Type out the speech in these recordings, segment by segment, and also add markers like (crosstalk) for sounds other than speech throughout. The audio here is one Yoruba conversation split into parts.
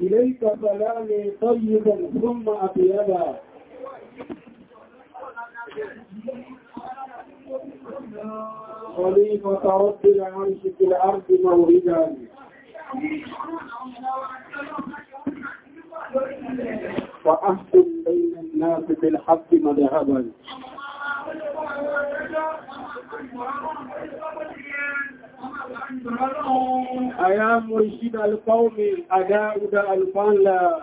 إليك بلالي طيبا ثم أطيبا خليفة رب العرش في الأرض موردا وأحكم بين الناس بالحق مذهبا أيا مرشد القوم أداء دا ألفان لا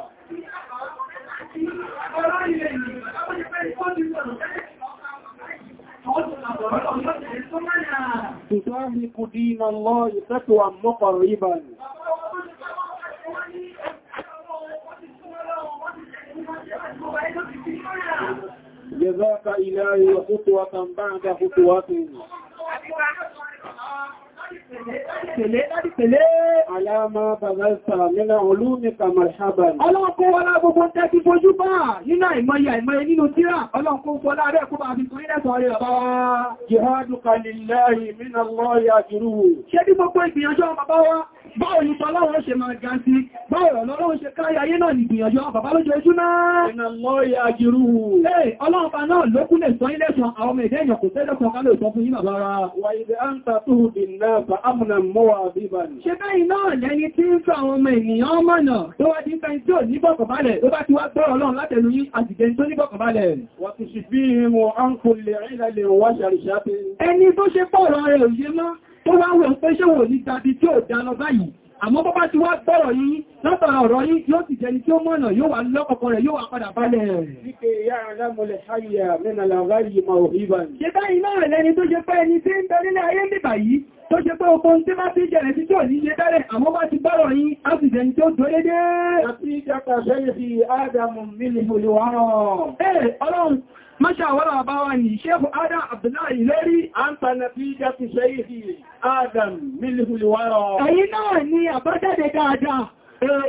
تطابق دين الله فتوى مقربا جزاك إلهي خطوة بعد خطوة Pẹ̀lẹ́ láti pẹ̀lẹ́. Aláàmà bàbá ìsà nínú olúmìkà marhaban. Ọlọ́kọ́ wọlá gbogbo tẹ́kí fojú bá nínú Jihadu kalillahi mínà lọ́yà jùrù. Ṣé bí wa? Báwo ni tọ́lọ́wọ́ ṣe máa ga sí? Báwo lọ́lọ́wọ́ ṣe káyà ayé náà ni ìgbìyànjú bàbá lójó ojú náà? Ìnà lọ́yà jùrù. Ẹ́ ọlọ́ọ̀bá náà lókúnlẹ̀ sọ ilẹ̀ sọ àwọn ọmọ ìdẹ́yàn kò tẹ́lẹ̀ kan fún yí bàbá Wà ìdẹ́ náà amúnà mọ́wà àbíbà ní. Ṣé bẹ́yìn náà lẹ́ni tí ń sọ àwọn ọmọ ènìyàn mọ̀nà tó wá ti ń fẹ́ tí ò ní bọ̀kànbalẹ̀ ló bá ti wá gbọ́ ọlọ́run látẹ̀lú yí àjìjẹ́ tó ní bọ̀kànbalẹ̀. Wọ́n ti ṣì bí wọn á ń kò lè rí lálẹ́ wọ́n ṣàrìṣà pé. Ẹni tó ṣe pọ̀ ọ̀rọ̀ rẹ̀ òye mọ́ tó wá wọ́n àmọ́ bọ́bá ti wá gbọ́rọ̀ yìí látara ọ̀rọ̀ yìí yóò ti jẹni tí ó mọ̀nà yóò wà lọ́kọ̀ọ̀kan rẹ̀ yóò wà padà balẹ̀ rẹ̀. Ṣíkè yá alámọ̀lẹ̀ ṣáyà mẹ́nà làwá yìí ma òhì bá ní. Ṣé báyìí náà lẹni tó ṣe pé ẹni tí ń tẹ nílé ayé níbà yìí ti gbọ́rọ̀ yìí á sì jẹni tó tó dédé. Àti ìjọba ṣẹ́yẹ̀ fi mashawara bá wá ní ṣéhù adam abdullahi lérí an tànàfí jẹ́sì ṣeéhì adam mílìhùlùwárọ̀ èyí náà ni àbájáde dáadáa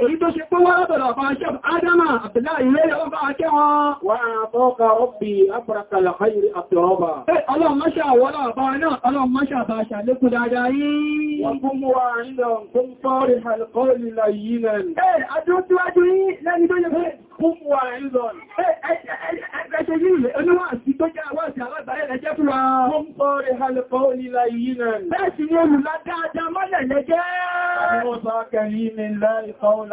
èyí tó ṣe pé wọ́n rọ̀bọ̀lọ̀ bá ṣe adama abdullahi lérí ọba akẹ́ wọn wọ́n àtọ́ka rọ́bì abúrakalà khairi àtìrọ́bà ọlọ́run mọ́ṣà wọ́lọ́ bá náà ọlọ́run mọ́ṣà bá ṣàlékún dáadáa yìí wọ́n kún mú wa nílọ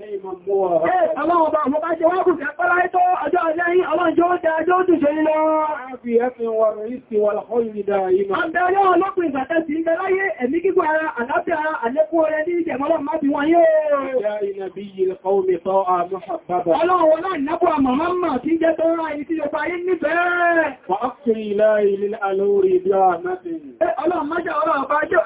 Ọlọ́run bá mọ́ bá ṣe wá kù sí àpárá ètò ọjọ́ ọlẹ́yìn ọlọ́njọ́ ọjọ́ ọjọ́ òtúṣe nílọ. Àbí ẹfin wà rí sí wà lọ́kọ́ ìrìdà ìmọ̀. Àbẹ̀rẹ̀ ọlọ́pìn ìgbàtẹ́ sí ń bẹ láyé ẹ̀mí gígùn ara àlàáfíà àlékún rẹ̀ ní ìjẹ̀mọ́lọ́ má bí wọn yóò. Ìyá ìnàbí yìí kọ́ mi tọ́ àmọ́ àbábà. Ọlọ́run náà nẹ́kọ́ àmọ̀ máa mọ̀ tí jẹ́ tó rá ìdí tí ó bá yí nífẹ̀ẹ́. Wà á kiri ilá ilé alórí bí a máa ti. Ọlọ́run májá ọlọ́ àbájọ́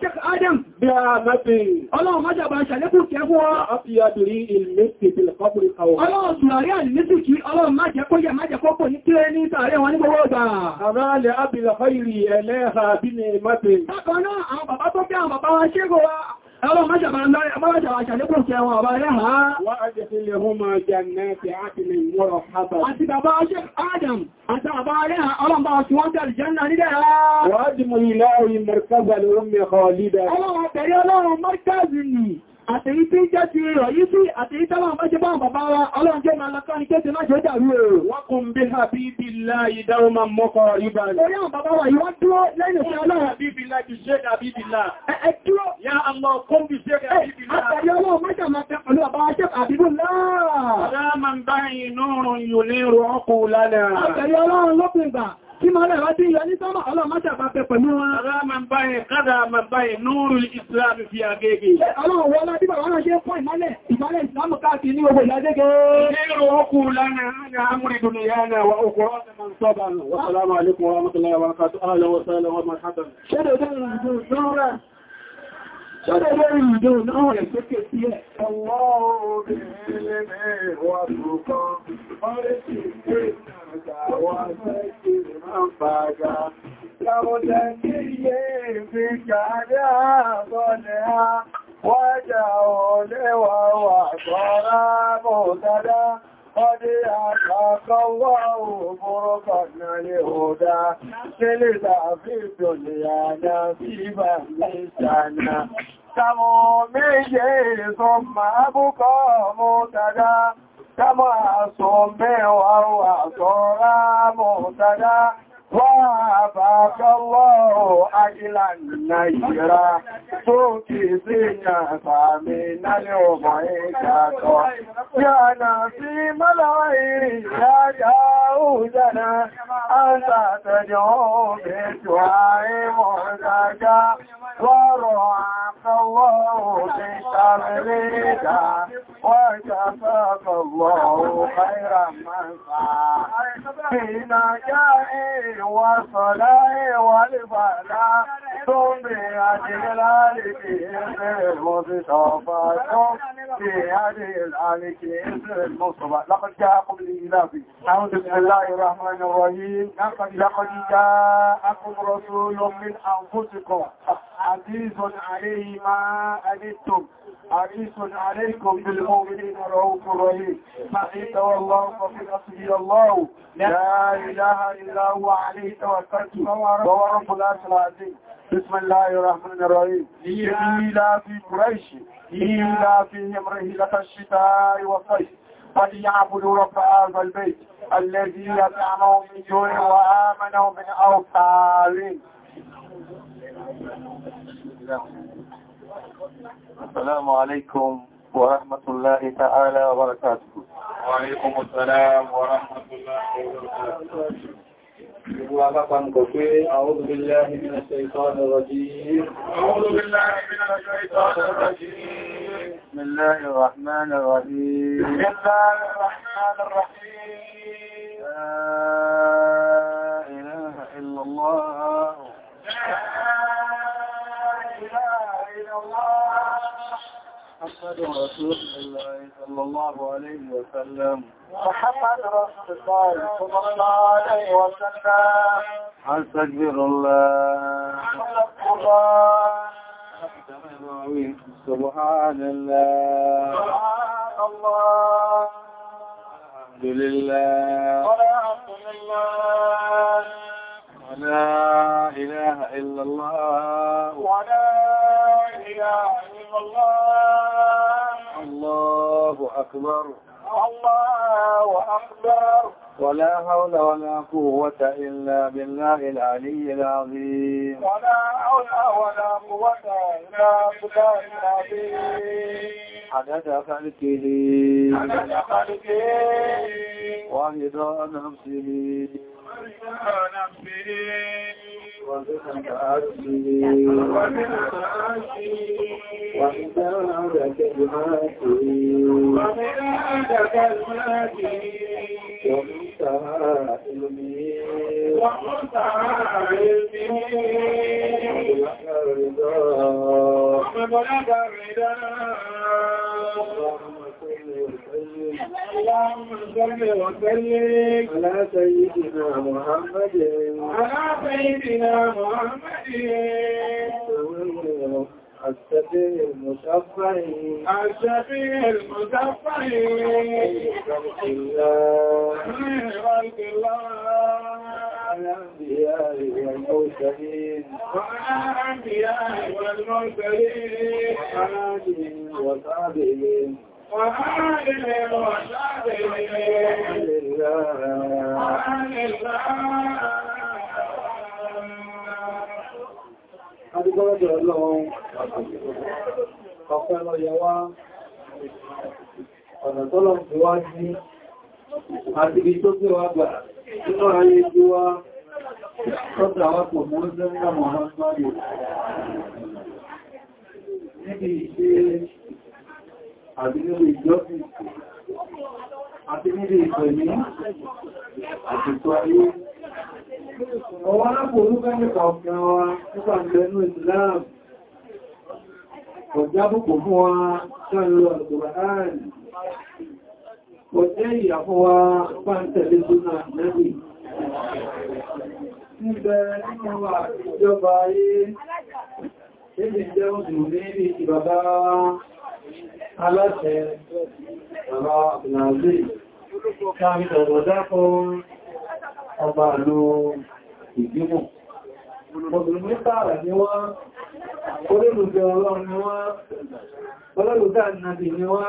Sheikh Adam bí a mẹ́bí. Ọlọ́run mọ́jàbá ṣàlékù kẹ́ fún wọn. A fi àdìrí ìlẹ́sì ìpìlẹ̀ kọ́kùnrin kàwọ̀. Ọlọ́run tùràrí àìlẹ́sì kí ọlọ́run má jẹ́ kó yẹ má jẹ́ kó pò ní kílé ní tààrẹ Ẹwọ́n májàbà ṣàlékùn kí ẹwọ́n ọba rẹ̀ ha. Wọ́n á jẹ́ sílẹ̀ hún máa jẹ́ náà fi áti lè mọ́rọ̀ pátá. Àti bàbá ṣe Adam, àti àbá rẹ̀ ha, ọlọ́mbà ọ̀tí wọ́n jẹ́ ìjẹ́nà nílẹ̀ ha. Wọ́n á jẹ́ mọ̀ ìlà àtèyí tí jẹ́ ti rọ̀ yí sí àtèyí tẹ́lọ̀ mẹ́jẹ bá bàbá wa ọlọ́run jẹ́ ìlànàkọ́ ní kéèkì náà jẹ́ dàrú èrò wọ́n kún bí àbíbí láyé dáúmà mọ́kọ̀ ríbà rẹ̀ orí àwọn bàbá wa yí wọ́n dúró lẹ́yìn sí ọlọ́run àbíbí láti ṣe àbíbí láà ẹ dúró ya Allah kún bí ṣe àbíbí láà àtàrí ọlọ́run mẹ́jọ máa tẹ́ bàbá wa Kí máa rẹ̀ wá tí ìyọ ní sọ́mọ̀ ọlọ́mọ́ta bá fẹ́ pẹ̀lú wọn. Ará máa báyẹ̀ kádà máa báyẹ̀ núrù ìsìláàmì fi àgẹ́gẹ́. Ọlọ́run wọ́n láti bàbá náà ṣe pọ́ ìmọ́lẹ̀ ìmọ́lẹ̀ ìsìláàmù káàkiri ní gbogbo ìlàjẹ́gẹ́. Ìrò okùn lánàá ní àmúrí dùnìyàn wà okùn Ṣọ́dẹ̀ lórí ìjọ náà rẹ̀ sókè sí ẹ̀. Ọwọ́ orin ilẹ̀ mẹ́rin wà lókọ́, ọrẹ́ sí ìgbé ìrìnàjò àwọn àṣẹ́kì máa ń bàájá. Láwọ́dẹ̀ kí yẹ ìfìkàdá àbọ̀lẹ̀ á, wájà ọ̀lẹ́wà wà sọ́rá mọ̀ قد أتاك الله بركتنا لهدى سلسة في الدنيا نصيبا لسنا كمومي ثم أبقى مهتدى كما أصم وهو صرى مهتدى وَأَبَاكَ اللَّهُ أَجْلَ النَّيْرَى تُكِزِنَا فَمِنَ الْعُبَيْكَةُ يَا نَسِيمَ الْغَيْرِ يَا جَاوْزَنَا أَنْتَ تَجْعُوا بِسْوَاءِ مُهْزَكَ وَرُعَاكَ اللَّهُ بِتَمْرِكَ وَجَزَاكَ اللَّهُ خَيْرًا مَنْفَعًا فِي نَجَاحِكَ والصلاة والفلاة ثم بأجلال كيس المصطفى في هذه الآل كيس المصطفى لقد جاءكم الإلاف أعوذ بالله الرحمن الرحيم لقد جاءكم رسول من أنفسكم عزيز عليه ما أنتم عريس عليكم بالمؤمنين رؤوف رحيم فقيت والله فقيت أصلي الله لا إله إلا هو عليه توكلت وهو رب العرش العظيم بسم الله الرحمن الرحيم إيلا في قريش إيلا فيهم رهيلة الشتاء والصيف فليعبدوا رب هذا البيت الذي يطعمهم من جوع وامنه من أوطارين السلام عليكم ورحمة الله تعالى وبركاته وعليكم السلام ورحمة الله وبركاته أعوذ بالله من الشيطان الرجيم أعوذ بالله من الشيطان الرجيم بسم الله الرحمن الرحيم بسم الله الرحمن الرحيم لا إله إلا الله لا إله إلا الله محمد رسول الله صلى الله عليه وسلم محمد رسول الله صلى الله عليه وسلم أستغفر الله سبحان الله سبحان الله الحمد لله والحمد لله ولا إله إلا الله ولا إله الله أكبر الله أكبر ولا حول ولا قوة إلا بالله العلي العظيم ولا حول ولا قوة إلا بالله العظيم عدد خلقه عدد خلقه ورضا نفسه ومن عاشي ومن عاشي ومن عادك الماتي ومن عادك الماتي ومنتهى علمي ومنتهى علمي ومبلغ الرضا ومبلغ الرضا اللهم صل وسلم على سيدنا محمد على سيدنا محمد الشفيع المشفع الشفيع المشفع خلق الله خلق الله الأنبياء والمرسلين وعلى الأنبياء والمرسلين وعلى آله وصحبه وآله وصحبه وآل الله Adúgbọ́lọ́dọ̀ ọlọ́run, ọ̀pẹ́ lọ yẹ wá, ọ̀nà tọ́lọ̀ ti wá sí, àti ibi tó gbé wá gbà, nínú ayé tí wá, tọ́ta wá pọ̀ mọ́ Níbi ìṣe àti nílé ìjọ́sìn àti nílé ìpẹ̀lú àti tó ayé. Ọwọ́ alápò olúkẹ́ nípa ọ̀kan wa nípa ìlẹ́nu ìsìláàmù. Ọjá púpọ̀ fún wa ṣáàlú àgbàáàrì. Ọjẹ́ ìyà fún wa pàǹtẹ̀lé súnà jẹ́ òdùn ní ìbàbá wa aláṣẹ ọ̀rọ̀ ìlàzí káàkiri ọ̀dá fún ọba ìlú ìgbìmọ̀. Mùsùlùmí sáàrà ni wọ́n, olólùgbé ọlọ́run ni wọ́n, olólùgbé ànàbì ni wọ́n,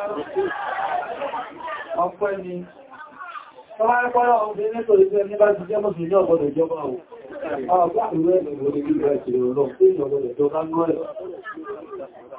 ọpẹ́ ni. Ọwọ́ ọmọdé nítorí pé ní bá ti jẹ́ mọ́sùlùmí ọgbọ́dọ̀ ìjọba ò. Ọgbà ìwé ẹ̀lẹ̀ ìwòrè ìgbà ìṣẹ̀lẹ̀ ọlọ́run tí ìjọba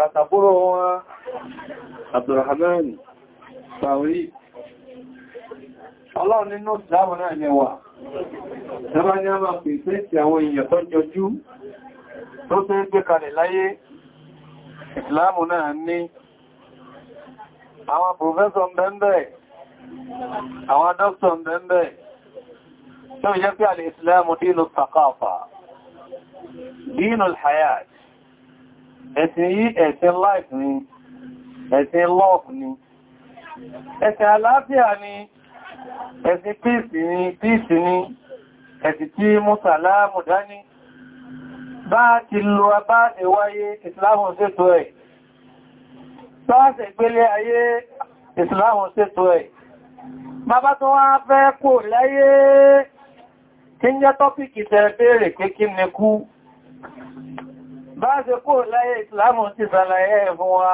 àtàbúrò wọn Abdulrahman Sauri ọlọ́run nínú ìsìláàmù náà ni wà lọ́bá ní a máa pè pé tí àwọn èèyàn tó jọjú tó tó gbé kalẹ̀ láyé ìsìláàmù náà ní àwọn pòfẹ́sọ̀ mbẹ́mbẹ́ àwọn dọ́kítọ̀ mbẹ́mbẹ́ tó yẹ pé alìsìláàmù dínú sàkáfà dínú hayat ẹ̀sìn yìí ẹ̀sìn life ni ẹ̀sìn love ni ẹ̀sìn àlàáfíà ni ẹ̀sìn peace ni peace ni ẹ̀sìn tí mùsàlámù dání bá ti lo abáàdé wáyé ìsìláàmù ṣètò ẹ̀ tọ́ọ̀sẹ̀ ìpele ayé ìsìláàmù ṣètò ẹ̀ bàbá tó wá fẹ́ kò láyé kí ń jẹ́ tọ́pìkì tẹ́ bèèrè pé kí ni kú bá ṣe kó láyé ìsìlámù ti sàlàyé fún wa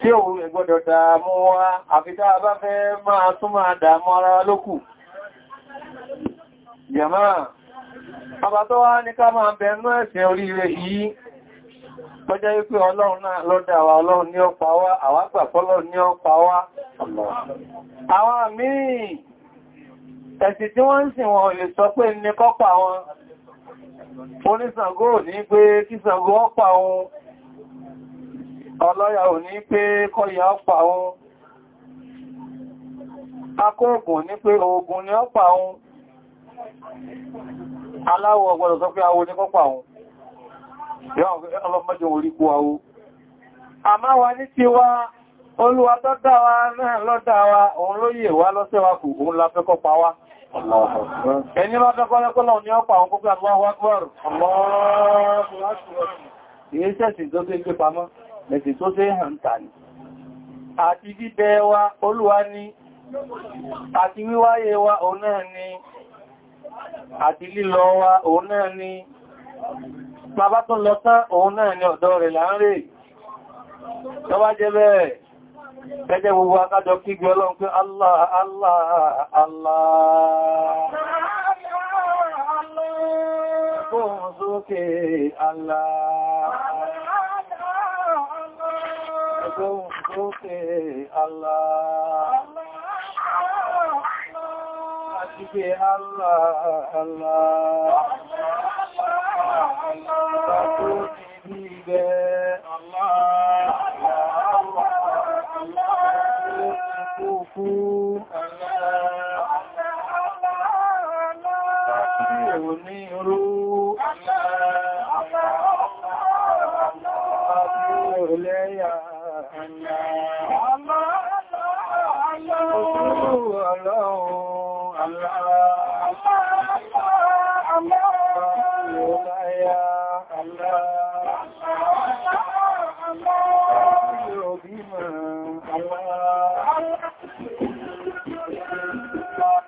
tí ò gbọdọ̀ dààmú wa àfitá bá fẹ́ máa tún máa ara lókù jẹ̀má bàbá tó wá ní ká máa bẹ̀ẹ̀nú ẹ̀sìn oríire yìí tọ́jẹ́ wípé ọlọ́run náà lọ́dá wa ọlọ́run ní ọpa wá wọn ó ní Ṣàngó ní pé kí Ṣàngó ọpa ohun ọlọ́yà ò ní pé kọ́yà ọpa ohun akóògùn ní pé oògùn ni ọpa ohun aláwọ̀ ọgbọ̀dọ̀ sọ pé awo ní kọ́pà ohun ọlọ́mọdé orí kú awo àmáwa ní ti wá olúwa tó dáwa náà lọ́dáwa òun ló yè wá lọ́sẹ́wà òun la fẹ́ kọ́pa wá Ẹni bá fẹ́ kọ́lẹ́kọ́lọ́ ní ọpa àwọn kókò Allahu Akbar. Ìyẹ́ sẹ́sì tó ṣe gbé pamọ́, lẹ́sì tó ṣe hàn tà ní. Àti bíbẹ̀ wa olúwa ni, àti wíwáyé wa òun náà ni, àti lílọ wa òun náà ni, bàbá tó lọ tán òun náà ni ọ̀dọ̀ rẹ̀ láńrè. Tọ́bá jẹ́ bẹ́ẹ̀. Ẹjẹ́ gbogbo akájọ kígbe ọlọ́run pé Allah, Allah, Allah. Fóhùn sókè Allah. Fóhùn Allah. Àti pé Allah, Allah. Fàtó ti bí ibẹ̀ Allah kúkú onírú ọlẹ́yà ọlọ́run aláà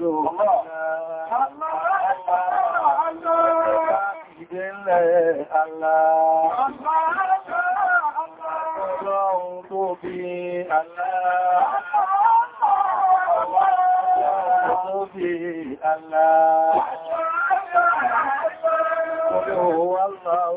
الله Allah. Ọlọ́run tóbi Allah. Ọlọ́run tóbi Allah. Ọlọ́run Allah.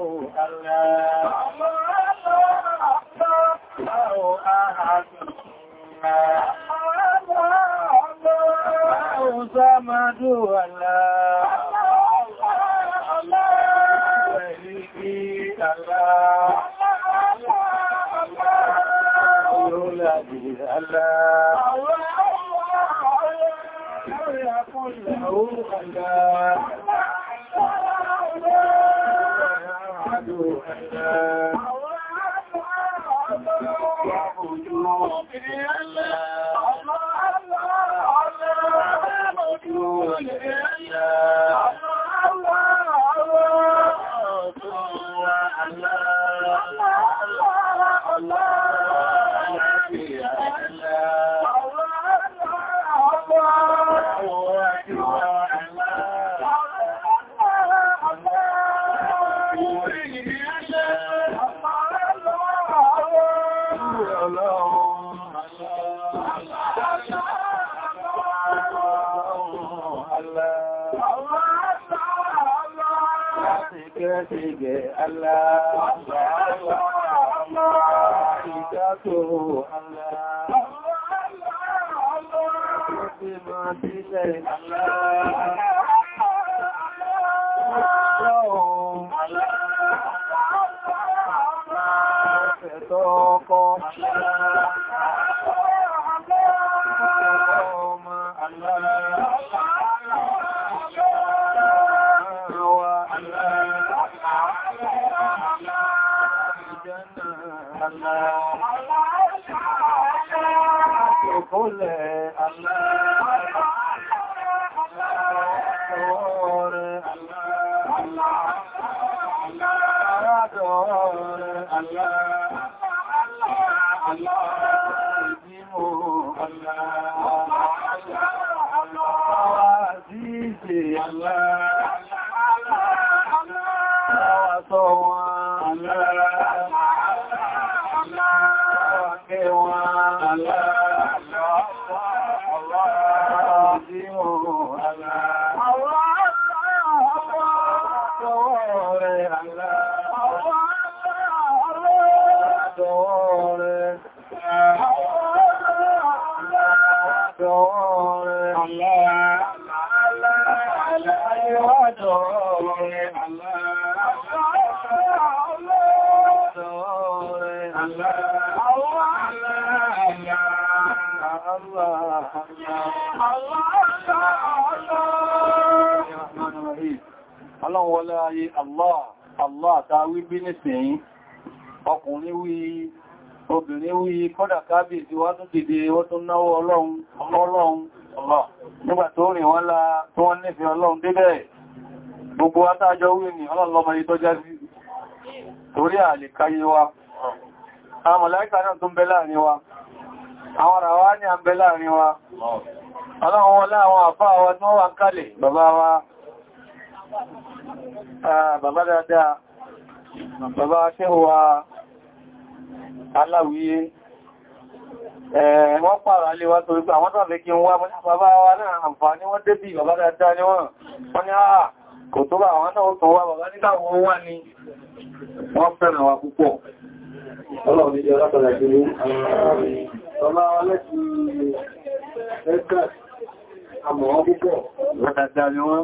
Allah Allah ta wí bí nísìnyí ọkùnrin wí obìnrin wí kọ́dà kábíyèsí wá tún dìde ó tún náwó ọlọ́run nígbà tó rìn wọ́n la tó wọ́n nífẹ̀ẹ́ ọlọ́run débẹ̀ gbogbo atájọ́ wí ní ọlọ́lọ́mọ ìtọ́já sí torí àlè káyé wa àwọn mọ̀láíkà náà tó ń ọlọ́run wọn Ah, bàbá dáadáa bàbá akẹ́wà aláwíyé eh, wọ́n pààrà lè wá torí pé àwọn tó fẹ́ kí ń wá bàbá wa náà àǹfààní wọ́n débì bàbá dáadáa ni wọ́n wọ́n ní àà ah, kò tó bá àwọn náà tó wá bàbá ní àmọ̀ wọn látàdá ni wọ́n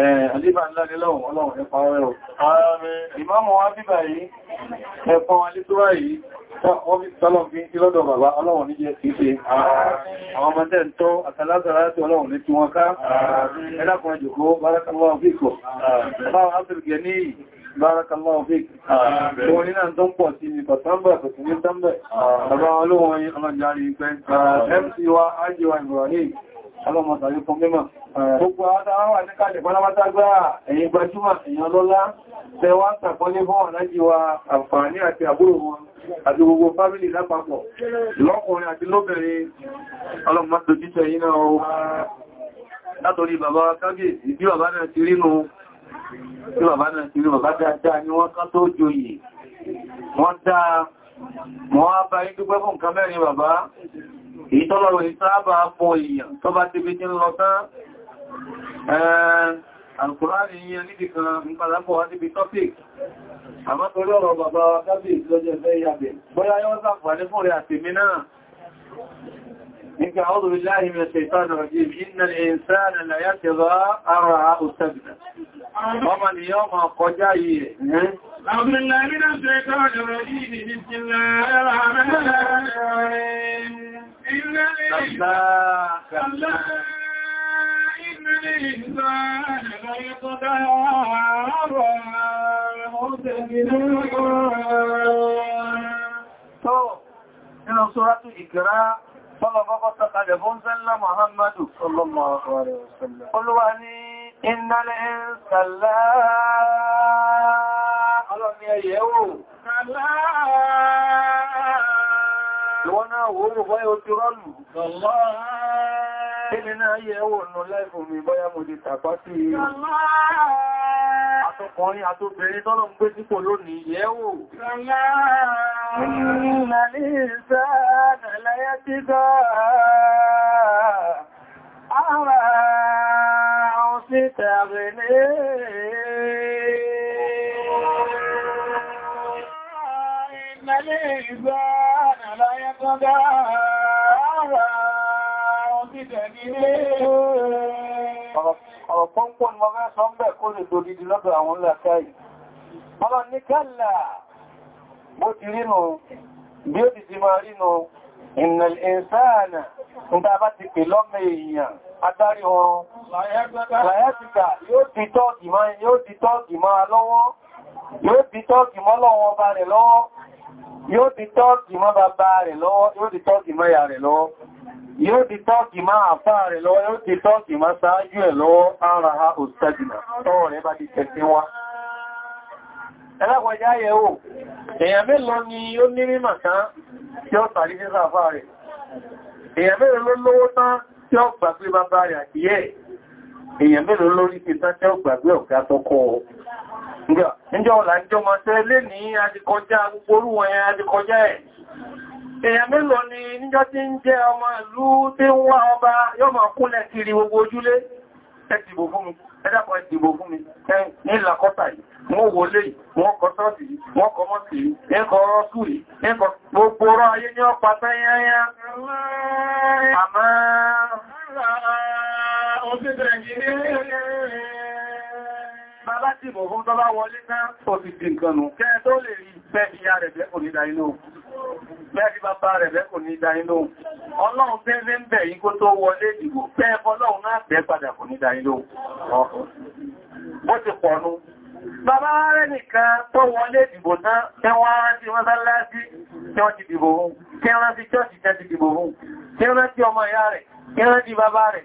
Àlébà ńlá ni lọ́wọ́ ọlọ́run nípa ọ̀rẹ́ ò. Ìmáàmù wá bíbà yìí, ẹ̀fọn alítúwà yìí, wọ́n fi sọ́lọ̀ fi ń kí lọ́dọ̀ bàbá ọlọ́run ní jẹ́ ṣíṣe. Àwọn ọmọdé ń tọ́ àtàlázàrá tí ọlọ́run ní tí wọ́n ká. Ẹlákùnrin jùkú, bárakàlọ́wọ́ fíkọ̀. Báwọn Áfíríkẹ̀ ní Bárakàláwọ̀ fík. Tó ní náà tó ń pọ̀ sí ní Pàtàmbà tó ní Tàmbà. Bàbá olóhun ọmọ jàrí pẹ́. Ọlọ́mọ̀sàrí fún mímọ̀. Gbogbo àwọn àtíkàlẹ̀ pálámátágbà ẹ̀yìn gbajúmọ̀ èèyàn lọ́lá, tẹwà sàkọ́lé fún ọ̀lájí wa àǹfààní àti àbúrò wọn àti gbogbo fámílì lápapọ̀. Lọ́kùnrin àti lóbìnrin, ọlọ́mọ̀sàrí títẹ̀ yìí náà ó. Látorí bàbá kábíyèsí bí bàbá náà ti rínú, bí bàbá náà ti rí bàbá dáadáa ni wọ́n ká tó joyè. Wọ́n dáa, wọ́n á bá yí dúpẹ́ fún nǹkan mẹ́rin bàbá èyí tọ́lọ̀rọ̀ ìsáàbà fún èèyàn tó bá ti bí tí ń lọ tán alkùnrin yẹn nídì kan ń padà bọ̀ wá síbi topic àmọ́ torí ọ̀rọ̀ bàbá wa kábíyèsí lọ́jọ́ ẹ̀fẹ́ ìyàbẹ̀ إنك أعوذ بالله من الشيطان الرجيم إن الإنسان لا يتضى أرعى أستبنى ومن يوم قجاية أعوذ بالله من الشيطان الرجيم بسم الله الرحمن الرحيم إن الإنسان لا يتضى أرعى أستبنى Olúwa ní ìnàlẹ̀ ìsànlá ọlọ́ni ẹ̀yẹ̀wò. Sàlá Ìwọ́n náà wo mú bọ́yá ó ti rọ́lù. Èmi náà yẹ ẹwọ̀ nù láìfò mi bọ́yá mo lè tàpá sí i. Àtọkùnrin àtobìnrin tọ́lọ ń gbé sípò lónìí yẹ wò. Àwọn òṣìṣẹ́ àgbẹ̀ ní الإنسان لا يقدر Ọ̀rọ̀ pọ́npọ̀ ni wọ́n fẹ́ sọ ń bẹ̀ kó lè dòdìdì lọ́dọ̀ àwọn lákáì. Ọlọ́ ní kẹ́lá bó ti rínú, bí ó ti ti máa rínú, ìnàlì ìsáànà, ń ta bá ti pè lọ́mọ èèyàn, adárí ọrùn, láyẹ́tìkà yóò ti tọ́ọ̀kì máa lọ́wọ́, yóò ti tọ́ọ̀kì mọ́ lọ́wọ́ bá rẹ̀ lọ́wọ́ yóò di tọ́ọ̀kì mọ́ bàbá rẹ̀ lọ́wọ́ yóò di tọ́ọ̀kì mọ́ ìyá rẹ̀ lọ́wọ́ yóò di tọ́ọ̀kì mọ́ àfá rẹ̀ lọ́wọ́ yóò di tọ́ọ̀kì mọ́ sáájú ẹ̀ lọ́wọ́ ara ha òsìtẹ́jìnà tọ́ọ̀ rẹ̀ bá di tẹ̀sí wá ẹlẹ́gbọ̀já yẹ̀wò èèyàn mélòó ni ó ní mímọ̀ tán tí ó tàrí sí sàfá rẹ̀ èèyàn mélòó ló lówó tán tí ó gbàgbé bàbá rẹ̀ àti yẹ́ èèyàn Ìjọ ọ̀là ìjọ máa tẹ́ lé ní adìkọjá gbogbo wọn yẹn ẹ̀. Èèyàn mélòó ni níjọ́ tí ń jẹ́ ọmọ ìlú tí ń wá ọba yóò kúnlẹ̀ kiri gbogbo ojúlé. Ẹ fún mi, ẹ dákọ̀ fún mi, ní ìlàkọ́ta bàbá tí mọ̀ fún tọ́bá wọlé náà tó ti di nǹkan nù kẹ́ tó lè rí bẹ́ ìyá rẹ̀ bẹ́ kò ní dá inú bẹ́ rí bàbá rẹ̀ bẹ́ kò ní dá inú ọlọ́run tẹ́lẹ̀ ń bẹ̀ yí kó tó wọlé ìdìbò pẹ́ ọlọ́run náà bẹ́ padà kò ní dá inú bó ti pọ̀nú bàbá rẹ̀ nìkan tó wọlé ìdìbò náà tẹ́wọ́n rántí wọ́n bá láti tí wọ́n ti dìbò hún kí rántí chọ́ọ̀tì tẹ́ ti dìbò hún kí rántí ọmọ ìyá rẹ̀ kí rántí bàbá rẹ̀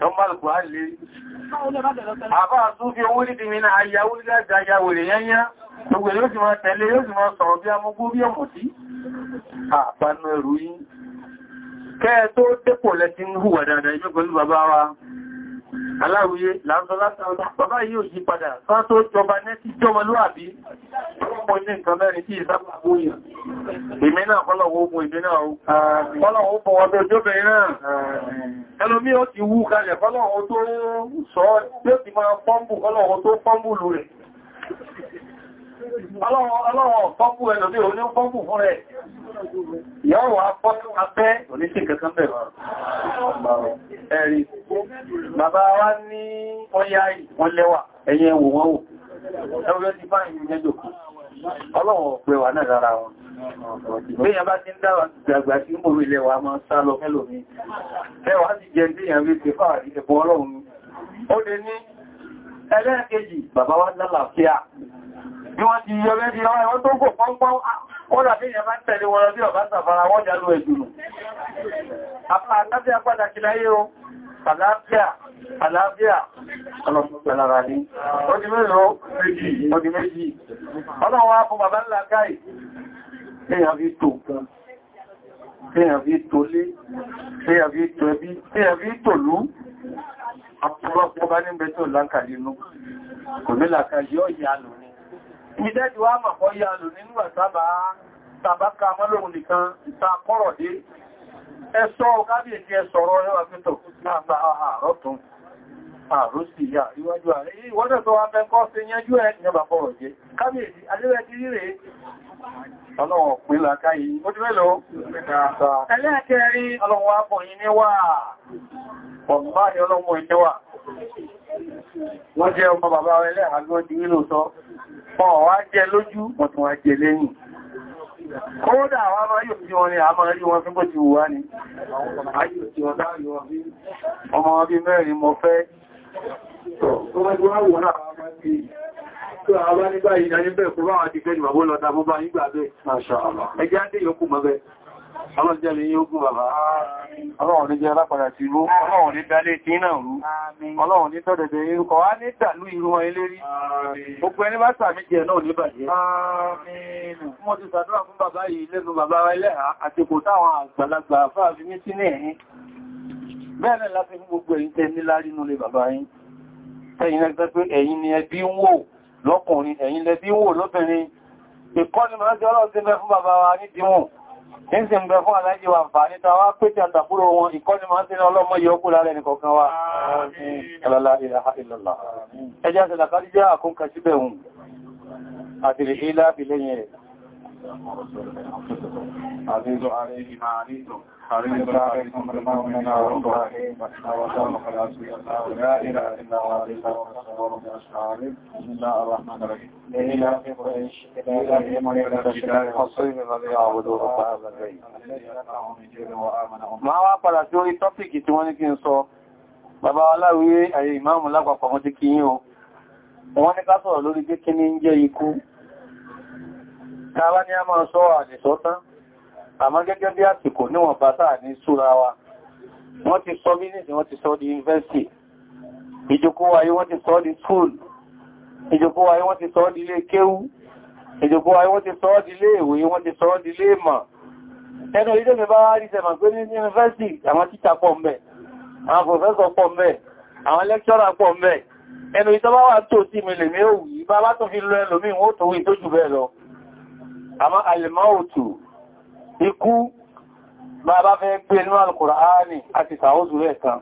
don ba alkuwa le àbá tún fi owó níbi mi náà ayá orí láti ayá wèrè yányá gbogbo yóò sì máa tẹ̀lé yóò sì máa sọ̀rọ̀ ẹrù yìí kẹ́ẹ̀ tó dépò lẹ́tí ń hùwà dáadáa ìjọ́ pẹ̀lú bàbá wa aláwúyé láàrín látàrí bàbá yìí ò yí padà fán tó jọba ní tí jọmọ lóàbí ọmọ ní nǹkan mẹ́rin tí ìsápàá wóyàn ìmẹ́ náà kọ́lọ̀wọ́ ogun ìbí náà kọ́lọ̀wọ́ bọ̀ wọ́n tó jóbẹ̀rin náà ẹlòmí ó ti wú kalẹ̀ kọ́lọ̀wọ́ tó sọ yóò ti máa pọ́mbù kọ́lọ̀wọ́ tó pọ́mbù lù rẹ̀ Ọlọ́run ọ̀pọ́pù ẹlòmí òun ní ó Ọlọ́run ọ̀pẹ́ wà náà lára wọn. Béèyàn bá ti ń dáwà gbàgbà sí mò rí lẹ́wà máa sá lọ fẹ́lòmí. Ẹwà ti jẹ béèyàn bí ti fáwà ní ọlọ́run. Ó lè ní ẹlẹ́ẹ̀kejì, bàbá wa lálàáfíà bí wọ́n ti yọ mẹ́rin ọwọ́ ẹ̀wọ́n tó gò pọ́npọ́n wọ́n dàbí ìyẹn bá ń tẹ̀lé wọn bí ọ̀bá sàfara wọ́n jálú ẹ̀dùnù apá àtàbí apádà kí láyé o àlàáfíà àlàáfíà ọlọ́pùpẹ̀lára ní ọdí mẹ́rin ọdí méjì ọlọ́wọ́ fún bàbá ńlá káì èèyàn fi tò èèyàn fi tò lé èèyàn fi tò ẹbí èèyàn fi tò lú àpọ̀lọpọ̀ bá ní bẹ́tò láǹkà nínú kò ní làkà yóò yà lò ìdẹ́jú wá mà kọ́ yà lò nínú àtàbà tàbákà mọ́lòun nìkan ìtàkọ́rọ̀ dé ẹ̀ṣọ́ kábíyèsí ẹ̀ṣọ̀rọ̀ ẹwà pẹ́tọ̀ láàpá àárọ̀tún àrósì ìyá ìwájú ààrẹ ìwọ́dẹ̀ tó wá fẹ́ kọ́ sí yẹnjú ẹ̀ ìjọba kọ́rọ̀ jẹ́ kábíyèsí alẹ́rẹ́ ti rírẹ̀ ọlọ́wọ̀n pín lákáyí ó ti mẹ́lọ ẹlẹ́ẹ̀kẹ́rin ọlọ́wọ̀n apọ̀yìn níwà ọ̀gbá wọn wá jẹ lójú wọn tún wá jẹ lẹ́yìn kódà àwọn ọmọ yóò tí wọn ni a máa rí wọn fún bó ti wù wá ni ọmọ bí mẹ́rin mo fẹ́ Àwọn bá ní báyìí ní ayé bá wà ti ọlọ́jẹ́ lè yóò gún bàbá ọlọ́run ní jẹ́ alápàdà sí rú ọlọ́run ní dalé tí náà rú ọlọ́run ní tọ́dẹ̀dẹ̀ irúkọ wá ní dàlú irú wọn eléri gbogbo ẹni bá sàmì jẹ náà ní bàjẹ́ mo ti ṣàdúrà fún bàbá yìí lẹ́nu bàbá ẹlẹ́ha àti kò táwọn àgbàlagbà fáàfin ní sí nìyẹn bẹ́ẹ̀ láti fún gbogbo ẹ̀yin tẹ́ ní lárí nulẹ̀ bàbá yín tẹ́yìn lẹ́gbẹ́ pé ẹ̀yin ni ẹbí ń wò lọ́kùnrin ẹ̀yin lẹ́bí Ẹnsì ń bẹ fún aláàjì wa fàánì tó wá pètè àtàkúrò wọn ìkọ́ni máa ń tẹ́lẹ̀ ọlọ́mọ yóò kú lára ẹni kọ̀ọ̀kan wa. Ọlọ́lá ìlàhà ìlọ́lá. Ẹjá ṣe làkàrí jẹ́ عزيز عليه ما عنيتم حريص عليكم بالمؤمن رب رحيم وسلم خلاص لا اله الا هو عليه وسلم باسم الله الرحمن الرحيم لإله قريش إله ملك الشتاء حصين الذي يعبدوا رب هذا البيت ما wá padà sí orí tọ́pìkì tí wọ́n ní kí n sọ bàbá aláwí àyè ìmáàmù lápapọ̀ wọ́n ti kí yín o wọ́n ní ká sọ̀rọ̀ lórí pé kí ní ń jẹ́ ikú ta bá ní a máa sọ àdìsọ́tán àmọ́ gẹ́gẹ́ bí àsìkò níwọ̀n bàtà ní súra wa wọ́n ti sọ mínìtì wọ́n ti sọ di university ìjókòó ayé wọ́n ti sọ di school ìjókòó ayé wọ́n ti sọ di ilé kéwú ìjókòó ayé wọ́n ti sọ di ilé ìwé wọ́n ti sọ di ilé ìmọ̀ ẹnu ilé mi bá rí sẹ̀mọ̀ pé ní university àwọn títà pọ̀ mẹ́ àwọn professor pọ̀ mẹ́ àwọn lecturer pọ̀ mẹ́ ikú bàbá fẹ́ gbé inú alkùránì àti sàúzù rẹ̀ kan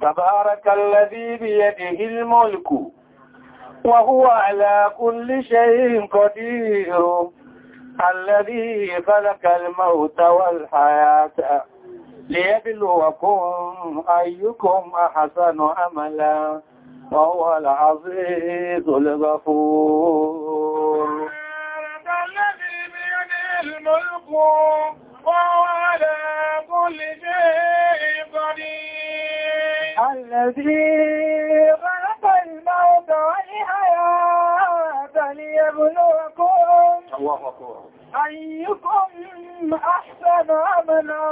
tàbárakàlàbí bí ẹ̀dì ilmọ́lùkù wa huwa ala kulli shay'in qadir alladhi khalaqa al-mauta wal-hayata liyabluwakum ayyukum ahsanu amala الملك وهو على كل شيء قدير الذي خلق الموت والحياة ليبلوكم الله أكبر أيكم أحسن عملا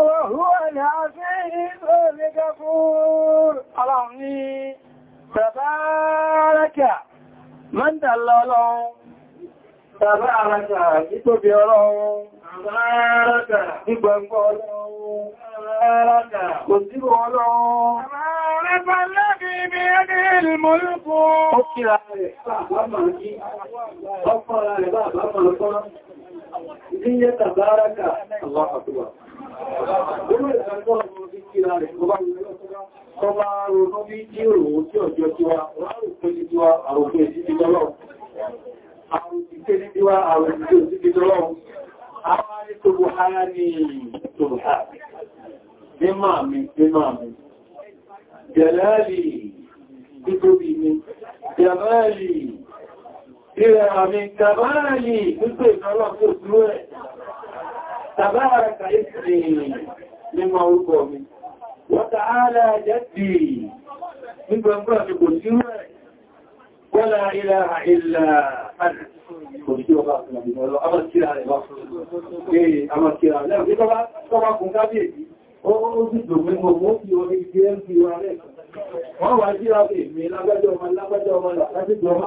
وهو العزيز الغفور الله تبارك من دلالهم Tàbáraka nítòbí ọlọ́run, àbáraka nígbàgbọ́ ọlọ́run, àbáraka kò síbò ọlọ́run, àbáraka lọ́dí ibi ẹni ìlmọ̀lúkú. Ó kíra rẹ̀ bàbá máa jí, ọkọ̀ rẹ̀ bàbá máa kọ́. Ìdíyẹ rẹ̀, ọba gba àwẹ̀ tí ó ti di lọ́wọ́ àwọn arítòrò ha ní ìtòrò ha mímọ̀ mi mímọ̀ mi jẹ̀lẹ́lì títóbi mi jẹ̀lẹ́lì ìrẹ̀ àmì kàbáàlì nígbè ìtọ́lọ̀ tó dúró ẹ̀ tàbára kàíkì mímọ̀ orúkọ mi wa ta'ala jaddi nígbàmgbà mi kò sí rẹ̀ wala ilaha illa ana kò sí ọba àtìlàmìlọ lọ, a máa kíra rẹ̀ bá fún ẹ̀yẹ, a máa kíra rẹ̀. Lẹ́gbẹ́ tọ́bá kún kábíyèsí, ó sì dòmí gbogbo ó fi orí ìgbé ń fi wa rẹ̀. Wọ́n wá sí ra pé mi lágbájọ́ ọmọ lágbájọ́ ọmọ lágbájọ́ ọmọ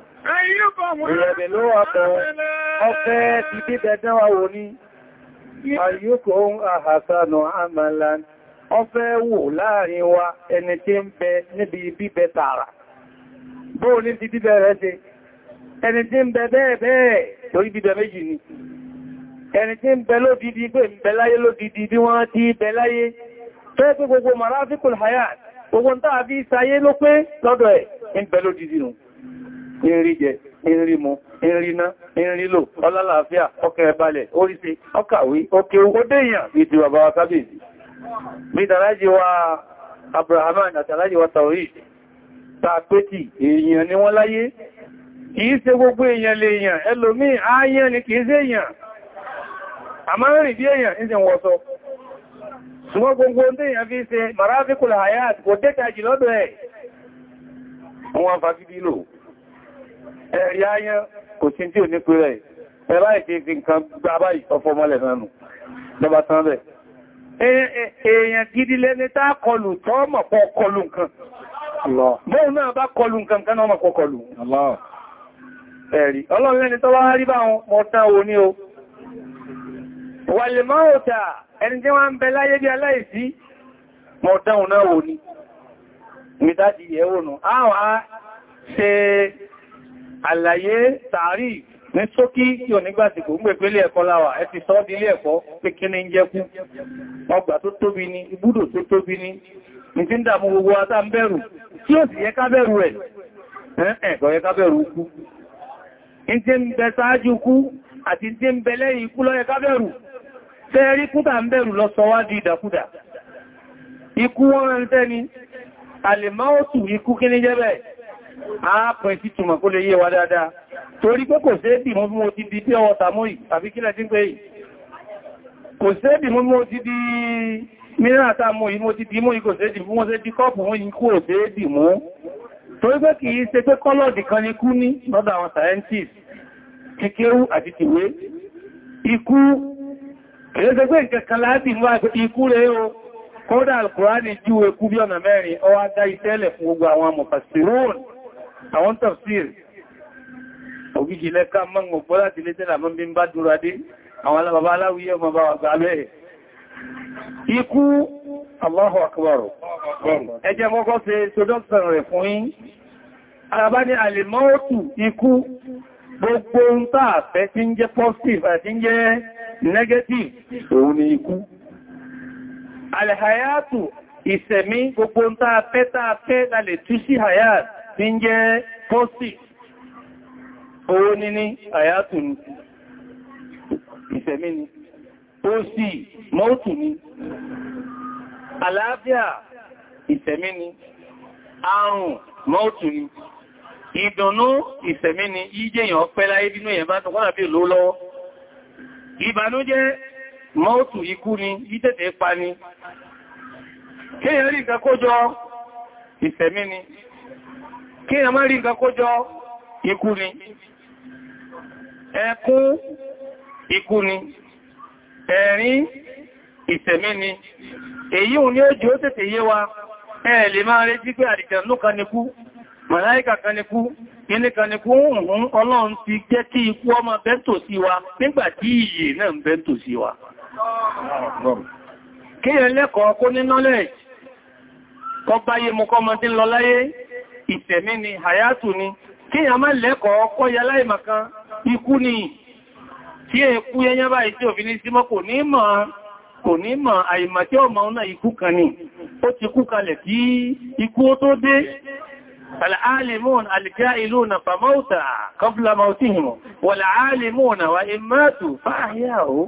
Ìrẹ̀bẹ̀ ló wà tọ́, ọfẹ́ ti bíbẹ̀ dánwà wò ní, àyíkò ohun àhàsánà àmàlàn, ọfẹ́ wò láàrin wa ẹni tí ń bẹ níbi bíbẹ̀ tààrà. Bóò ní ti bíbẹ̀ rẹ̀ ṣe, ẹni tí ń bẹ bẹ́ẹ̀ bẹ́ẹ̀ torí bíbẹ̀ méjì ni. Ẹni tí ń bẹ ti bẹ láyé, tó pé gbogbo marafikul hayat, gbogbo ń tàà bí sayé ló pé ìrìn jẹ ìrìn mu ìrìn ná ìrìn lò ọlálàáfíà ọkẹ̀ ẹ̀balẹ̀ oríṣẹ́ ọkàwé òkè owó dèèyàn ìdí bàbá wa kábíyèsí bí tàlájì wa abrahaman àtàlájì wa taori tàpétì èèyàn ni wọ́n láyé kìí ṣe gbogbo èèyàn lè èèyàn ẹlòmíì ààyàn ni kìí ṣe èèyàn àmá rìn bí èèyàn ń ṣe wọ́sọ ṣùgbọ́n gbogbo ń ẹ̀rí ayán kò sí tí ò ní pé rẹ̀ ẹ̀rá ìfẹ́fẹ́ nǹkan gbábá ìsọfọmọ́lẹ̀ nánú lọ́bá tán rẹ̀ èèyàn gidi lẹ́ni tá kọlù tọ́ mọ̀ pọ̀ kọlù nǹkan bóun náà bá kọlù nǹkan kan náà mọ̀ pọ̀ kọlù ẹ̀rí ọlọ́run ẹni tó wá rí bá wọn ní o wàlè máa ò tà ẹni tí wọ́n ń bẹ láyé bí aláìsí mọ̀tán ò náà wo ní mìtàdì ẹ̀wọ̀nù àwọn a ṣe àlàyé tààrí ní tókí tí ò nígbàtìkò ń gbẹ̀gbẹ̀ ẹ̀kọ́ láwà ẹ ti sọ́ di ilé ẹ̀kọ́ pé kí ní jẹ́kú ọgbà tó tóbi ní ibùdó tó tóbi ní tí ń dàmú gbogbo atá ń bẹ̀rù tí ó sì yẹ ká bẹ̀rù rẹ̀ ẹ̀ẹ̀kọ́ yẹ ká bẹ̀rù àápẹ́ sí túnmọ̀ kó lè yé wa dáadáa torí pé kò séèdì mú mú ti di pé ọta mú tàbí kílẹ̀ tí ń pé yìí kò séèdì mú mú ti di mìíràn àtàmù yìí mú ti di mú kò séèdì mú mú séèdì kọ́pù mú yìí kò séèdì mú torí pé kìí ṣe pé kọ́lọ̀dì kan ní kú ní lọ́dọ̀ àwọn scientist kékeré àti tìwé ikú kìí ṣe pé ìkẹ̀kan láti mú ikú rẹ̀ o kódà Al-Kùránì jú bí ọ̀nà mẹ́rin ọwá dá ìtẹ́lẹ̀ fún gbogbo àwọn mọ̀fàsíròrùn àwọn tafsir ògìgì lẹ́ka mọ́ òpó láti lé tẹ́lá mọ́ bí ń bá dúra dé àwọn alábàbá aláwíyẹ́ ọmọ bá wà gbà bẹ́ẹ̀ ikú Allahu akbar ẹjẹ́ mọ́kọ́ ṣe introduction rẹ̀ fún yín arabá ní alìmọ́ọ̀tù ikú gbogbo ń tàà fẹ́ tí ń jẹ́ positive àti ń jẹ́ ìsẹ̀mí gbogbo ń tàà fẹ́ tàà fẹ́ lalẹ̀ tú sí hayátù tí ń jẹ́ post owó níní àyàtù ni ìsẹ̀mí ni post-it mọ́ọ̀tù ni àlàáfíà ìsẹ̀mí ni àrùn mọ́ọ̀tù ni ìdùnnú ìsẹ̀mí ni yíjẹyàn pẹ́ láyé bínú èèyàn bá tún kọ́nà bí ló lọ́wọ́ ìbànújẹ́ mọ́ọ̀tù ikú ni ìtẹ̀tẹ̀ pa ni kéèyàn rí nǹkan kí èèyàn má rí nǹkan kó jọ ikú ni ẹkún ikú ni ẹ̀rín ìtẹ̀mí ni èyí ò ní ó ó tètè yé wa ẹ lè máa pé àdìjẹ̀nú kan ní kú màláìkà kan ní kú kíní kan kú òun ọlọ́run ti jẹ́ kí ikú ọmọ bẹ́ntò sí wa nígbàtí lẹ́kọ̀ọ́ kó knowledge báyé mọ́ tí láyé ìtẹ̀mí ni hayatu ni kí a má lẹ́kọ̀ọ́ kọ́ ya láìmọ̀kan ikú ni tí è kú yẹnyẹ báyìí tí òfin sí mọ́ kò ní mọ̀ kò ní mọ̀ àìmọ̀ tí náà ikú kan ni ó ti kú kalẹ̀ kí ikú ó tó dé العالمون الجائلون فموتى قبل موتهم والعالمون وإن ماتوا فأحياه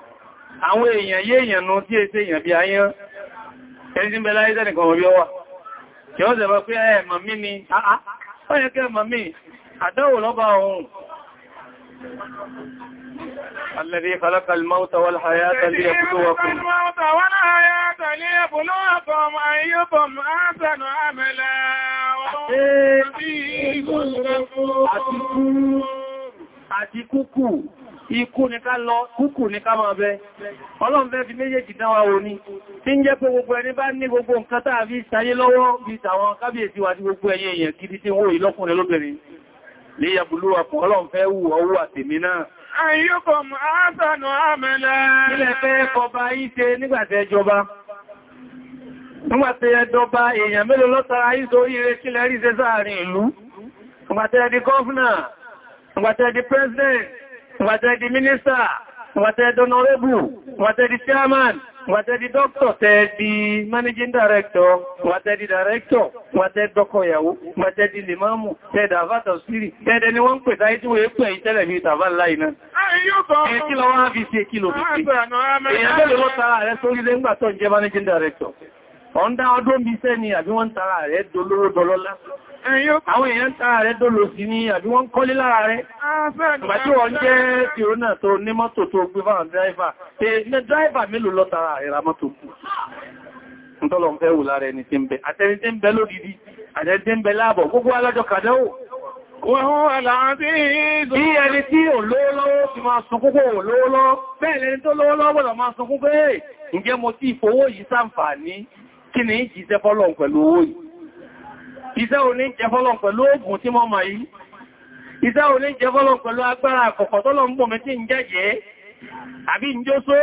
àwọn èèyàn yé èèyàn nú tí èsè èèyàn bí ayán ẹni tí ń bẹ láyé tẹ́nìkan ọwà kí ó sẹ̀bọ̀ pé ẹ̀ ni ah, ah. ó yẹ kẹ́ lọ́bà ohun الذي خلق الموت والحياة ليبلوكم الموت والحياة ليبلوكم أيكم أحسن عملا وهو كل àti kúkú ikú ní ká lọ kúkù ní ká máa bẹ ọlọ́m̀bẹ́ fi méjèèjì dánwà wò ní tí ń jẹ́ pé gbogbo ẹni bá ní gbogbo nǹkan tá a fi sáyé lọ́wọ́ bí tàwọn kábíyèsí wà ní gbogbo ẹyẹ èèyàn kiri tí wó ìlọ́kùnrin lóbìnrin ní yàbùlúwà fún ọlọ́m̀fẹ́ wù ọwọ́ àtèmi náà wàtẹ́ di mínísà wàtẹ́ dọ́nàrẹ́bù wàtẹ́ di chairman wàtẹ́ di doctor tẹ́ di managing director wàtẹ́ di director wàtẹ́ dọ́kọ̀yàwó wàtẹ́ di limamu tẹ́ dàvátà sírì tẹ́ẹ̀dẹ́ ni wọ́n ń pè táyé tí wọ́n pè ìtẹ́lẹ̀ fi tàbá láìná Èkìlọ̀ wọ́n á fi sí èkìlọ̀ fi sí. Èyàn tẹ́lẹ̀ lọ tara rẹ̀ sórí lé ńgbà tó ń jẹ́ managing director. Ọ̀ndá ọdún bí sẹ́ni àbí wọ́n tara rẹ̀ dolóró dọlọ́lá àwọn èèyàn tàà rẹ̀ dọ́lò sí ní àbí wọ́n kọ́lé lára rẹ̀ ọ̀gbà tí wọ́n jẹ́ tí ó náà tó ní mọ́tò tó gbé fáwọn dráìfà pé ní dráìfà mélòó lọ tàà rẹ̀ ra mọ́tò kù ntọ́lọ̀ ń fẹ́ wù lára ẹni tí ń bẹ àtẹni tí ń Bí ẹni tí ò lówólọ́wọ́ ti máa sun kúkú ò lówólọ́wọ́, bẹ́ẹ̀ lẹni tó lówólọ́wọ́ gbọ́dọ̀ máa sun kúkú ẹ̀ ǹjẹ́ mo ti ìfowó yìí ṣàǹfààní kí ni ìjíṣẹ́ fọ́lọ̀ pẹ̀lú owó yìí iṣẹ́ òní jẹ fọ́lọ̀ pẹ̀lú oògùn tí mọ́ màá yìí iṣẹ́ òní jẹ fọ́lọ̀ pẹ̀lú agbára àkọ́kọ́ tọ́lọ̀ ń gbọ̀mẹ́ tí ń jẹ́jẹ́ àbí ń jó só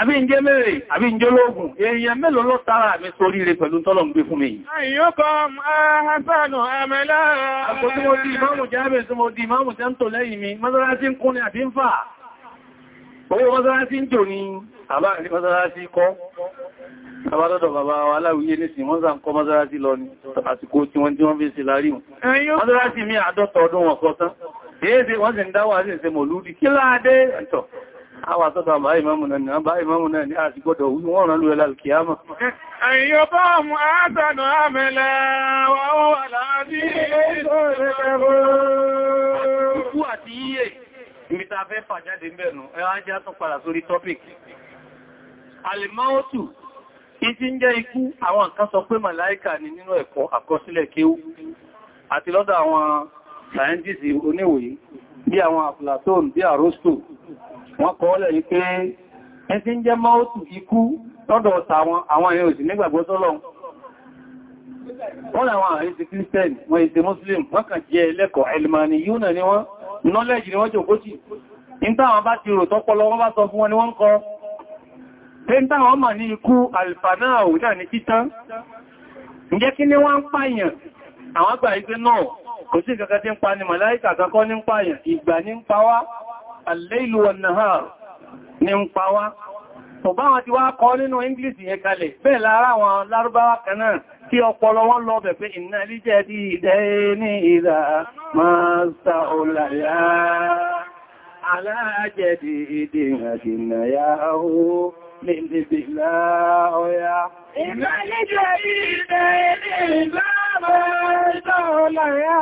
àbí ń jẹ́ mẹ́rẹ̀ àbí ń jẹ́ lóògùn èèyàn mélòó ló tara mi sórí rẹ̀ pẹ̀lú tọ́lọ̀ ń gbé fún mi yìí. àyíkọ́m ahásánù àmẹ́lá àkó tí mo ni àti ń fà Abádọ́dọ̀ bàbá wa aláwìyé nísìn wọ́n sàn kọ́ mọ́sálásí lọ ní àsìkò tí wọ́n tí wọ́n fi ṣe lárí wọn. Mọ́sálásí mi àádọ́ta ọdún wọn kọ́ tán. wọ́n sì ń dáwà sí ìṣẹ́ mọ̀lúdí. Kí láadé? Ẹ̀tọ̀. Àwà sọ́dọ̀ bá ìmámù ìtí ń jẹ́ ikú àwọn nǹkan sọ pé màláíkà ni nínú ẹ̀kọ́ àkọsílẹ̀ kéwú àti lọ́dọ̀ àwọn sáyẹ́ntìsì oníwòye bí àwọn Platon bí Aristo wọ́n kọ́ lẹ̀ ní pé ẹ̀sí ń jẹ́ mọ́ọ̀tù ikú lọ́dọ̀ àwọn àwọn èèyàn òsì nígbàgbọ́ sọ́lọ́ wọ́n làwọn muslim wọ́n kàn jẹ́ ẹlẹ́kọ̀ọ́ ẹlìmọ̀ni yíò ni wọ́n nọ́lẹ́jì ni wọ́n jòkó sí ní táwọn ni wọ́n tẹ́ntà wọ́n mà ní ikú alfanáàwò náà ní títán ǹjẹ́ kí ní wọ́n ń pààyàn àwọn àgbà ìgbé náà kò sí kankan tí ń pa ní màláìkà kankan ní ń pààyàn ìgbà ní ń pa wá al-laylu wan-nahar ní ń pa wá ọba wọn ti ọpọlọ wọn lọ bẹ̀ pé iná ilé-jẹ́ di ìdẹ́ ní ìdá máa sa ọ̀làyà aláàjẹ́ di ìdè ìrìnàjò náà yáà lèdè bèlá ọya. Ìgbàlejò ìdè ìgbà mọ́ ìtọ́ọ̀lá ya,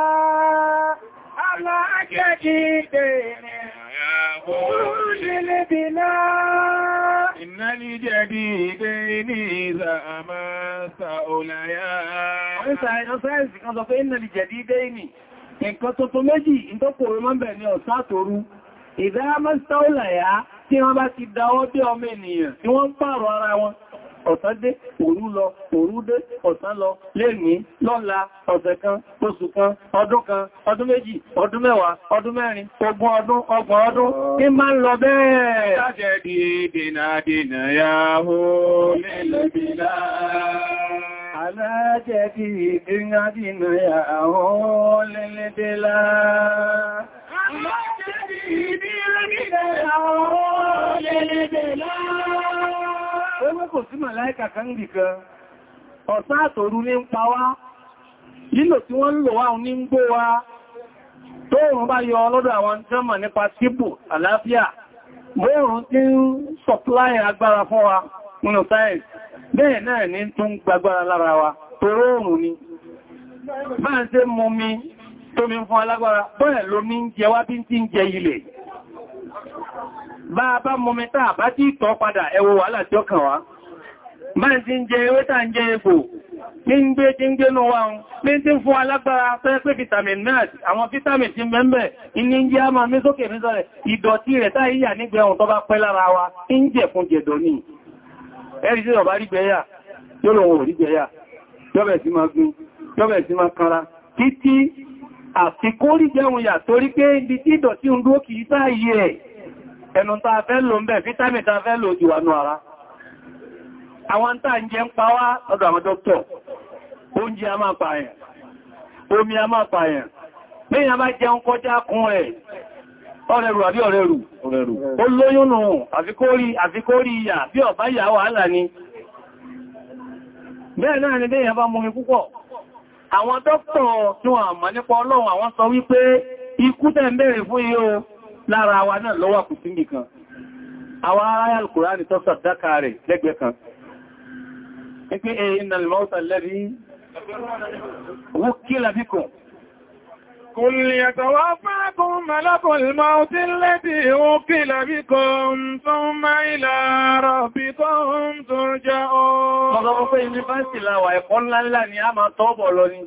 alágẹ́jì ìdè ìrìnàyà, òun lè lè bèlá. Ìnáni jẹ́bí ìdè ní ìzà àmà sàọ́lá ya. Ọ̀sáìsì kan sọ pé ìnáni jẹ́bí ìdè ní, nǹkan tuntun méjì, ìtọ́kò orí mọ́ ìdá mọ́sánlá yá tí wọ́n bá ti dáwọ́ dé ọmọ ènìyàn tí wọ́n ń pààrọ̀ ara wọn ọ̀sán dé òru lọ òru dé ọ̀sán lọ lẹ́ni lọ́la ọ̀sẹ̀ kan oṣù kan ọdún kan ọdún méjì ọdún mẹ́wàá ọdún mẹ́rin ogún ọdún ọgbọ̀n ọdún kí má ń lọ bẹ́ẹ̀ sájẹ́ di dènà dènà yáhó lẹ́lẹ́bìlá alájẹ́ di dènà dènà yáhó Ẹgbẹ́kò sí màláìkà kan ń bìkan, ọ̀sán àtòru ní ń pa wá, lílò tí wọ́n lò wá ní ń gbó wá, tó òun bá yọ ọlọ́dọ̀ àwọn jẹ́mọ̀ nípa síbò àlàáfíà, bóòrùn tí ń sọ̀pláì agbára fún wa nínú sáyẹ̀nsì, bẹ́ẹ̀ náà ní tún gbagbára lára wa, torórùn ni. Bá ń ṣe mú mi tó mi ń fún alágbára bọ́ẹ̀ ló ní jẹ wá bí tí ń jẹ ilẹ̀ bá a bá mọ́mí bá tí ìtọ́ padà ẹwọ wàhálà tí ó wá báyìí tí ń jẹ ewé tàà ń jẹ egbò ní ń gbé tí ń gbé ní wa ní tí ń fún alágbára fẹ́ pé vitamin mẹ́rẹ̀ àwọn vitamin ti mẹ́mẹ́ ní ń jẹ́ àmà mí sókè mí sọ́rẹ̀ ìdọ̀tí rẹ̀ táà yíyà nígbẹ̀ ohun tó bá pẹ́ lára wa ń jẹ fún jẹ̀dọ̀ ní ẹ̀rí sí ọ̀bá rígbẹ̀ẹ́yà yóò lòun ò rígbẹ̀ẹ́yà yọ́bẹ̀ sí àfikórí jẹun yà torí pé ibi tí ìdọ̀tí ń dúó kìí sáàyè ẹ̀ ẹnu ta fẹ́ lò ń bẹ̀ fítàmì ta fẹ́ lò jùwà ara àwọn ń jẹ ń pa wá a máa pààyàn omi a máa pààyàn lẹ́yìn a bá jẹun kọjá kún ẹ̀ ọ̀rẹ̀rù àbí ọ̀rẹ̀rù ó lóyún nù àwọn dókítọ̀ tí wọ́n mọ̀ nípa ọlọ́run àwọn sọ wípé ikú tẹ́ ń bèèrè fún yíó lára wa náà lọ́wọ́ kù sí nìkan àwọn aráyà alkùránì tó sàdákà rẹ̀ lẹ́gbẹ̀ẹ́ kan wípé èyí innal mauta alladhi wukila bikum قل يتوفاكم ملك الموت الذي وكل بكم ثم إلى ربكم ترجعون Ọlọ́pẹ́ yúnífásitì láwà ẹ̀kọ́ ńláńlá ni a máa tọ́bọ̀ lọ ni.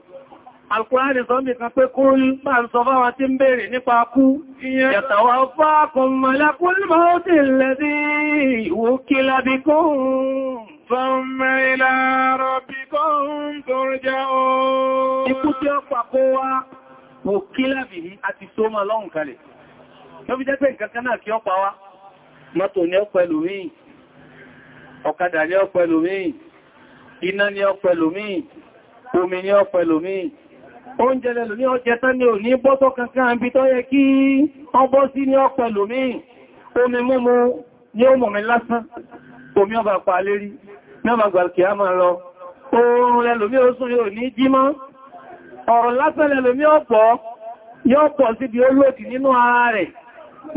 Alkùránì sọ bí kan pé kó ń bá ń sọ fáwọn tí ń bèèrè nípa kú. Yàtàwà fákùn mọ̀lákùnmọ́ ó Ikú tí ó pàkó wá mo kí lábì yí àti tó máa lọ́hùn kalẹ̀ tó fi jẹ́ pé nǹkan kan náà kí ọpa wá mọ́tò ní ọpẹ́ lòmíì ọ̀kadà ní ọpẹ́ lòmíì iná ní ọpẹ́ lòmíì omi ní ọpẹ́ lòmíì oúnjẹ lẹ́lò ní ọjẹ́ tán ní òní bọ́tọ̀ omi múmu ní ó ọ̀rọ̀ lásẹ̀lẹ̀ lómi ọ̀pọ̀ yóò pọ̀ síbi olóòdì nínú ara rẹ̀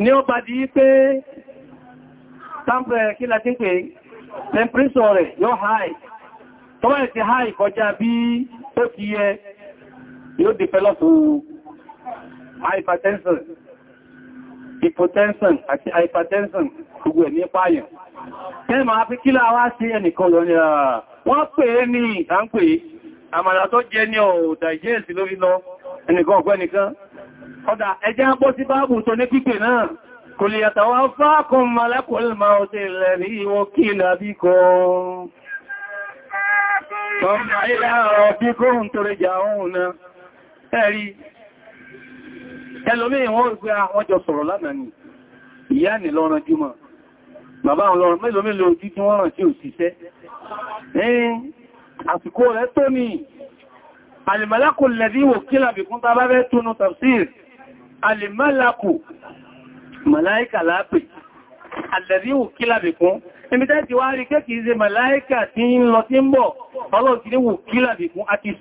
ni ó bá di pé tàbí kí láti pé temperature rẹ̀ yóò high tó bá ti high kọjá bí ó ti yẹ yóò develop hypotension hypertension ma fi kila àmàrà tó jẹ ní ọ̀dà ìjẹ́ẹ̀sì lórí lọ ẹnìkan ọ̀gbẹ́ nìkan ọ̀dà ẹjẹ́ àpọ́ sí báàbù tó ní pípẹ̀ náà kò lè yàtàwà fákùn malẹ́kùnrin máa ọ̀tẹ̀ ilẹ̀ rí wọ́n kí ìlàbí kan Tọ́mà ilẹ̀ ọ̀rọ̀ bí kóhùn tó rẹjà ohun náà, ẹ̀rí, ẹlòmí ìwọ̀n ìgbé àwọn jọ sọ̀rọ̀ lánàá ni, ìyá nì lọ́rọ̀ jùmọ̀, bàbá ọlọ́rọ̀ mélòmí lò jí tí wọ́n ràn tí ò síṣẹ́ àsìkò rẹ̀ tó ní alìmọ́lákù lẹ́dí wò kílà bí kún tàbá rẹ̀ túnú tafsir alìmọ́lákù màláíkà lápè alẹ́dí wò kílà bí kún ibi tẹ́ ti wá rí kẹ́ kìí ṣe màláíkà tí ń lọ tí ń bọ̀ ọlọ́run ti ní wò kílà bí kún àti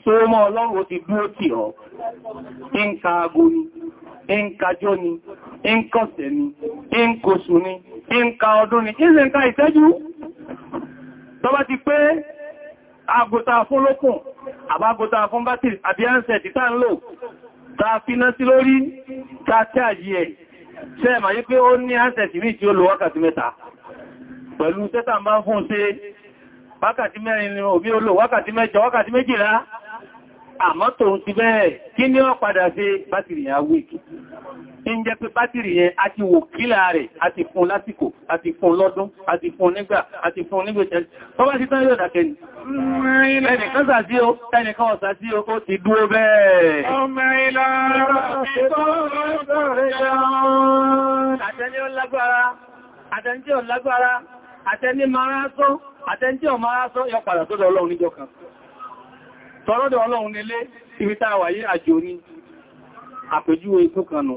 agota fún lókùn àbágota fún bátìrì àbí ánsẹ̀ títà ń lò ta finá sí lórí ta tí àjí ẹ̀ ṣe ma yí pé ó ní ánsẹ̀ sí tí ó lò wákàtí mẹ́ta pẹ̀lú tẹ́tà máa fún ṣe wákàtí mẹ́rin ni òbí ó lò wákàtí mẹ́jọ wákàtí méjìlá àmọ́ tòun ti bẹ́ẹ̀ kí ni ó padà ṣe bátìrì yà wíkì ń jẹ́ pé bátìrì yẹn a ti wò kílà rẹ̀ a ti fún lásìkò a ti fún lọ́dún a ti fún nígbà a ti fún nígbèsẹ̀ tó bá ti tán yóò dákẹ́ ni ẹnìkan sàtí o ẹnìkan ọ̀sà tí o kó ti dúró bẹ́ẹ̀ àtẹni ó lágbára àtẹni tí ó lágbára àtẹni mara sọ àtẹni tí ó mara sọ yọ padà sọ́dọ̀ Ọlọ́run níjọ́ kan tọ́rọ́dọ̀ Ọlọ́run nílé ibi táwà yí àjò ní àpèjúwe ikú kan nù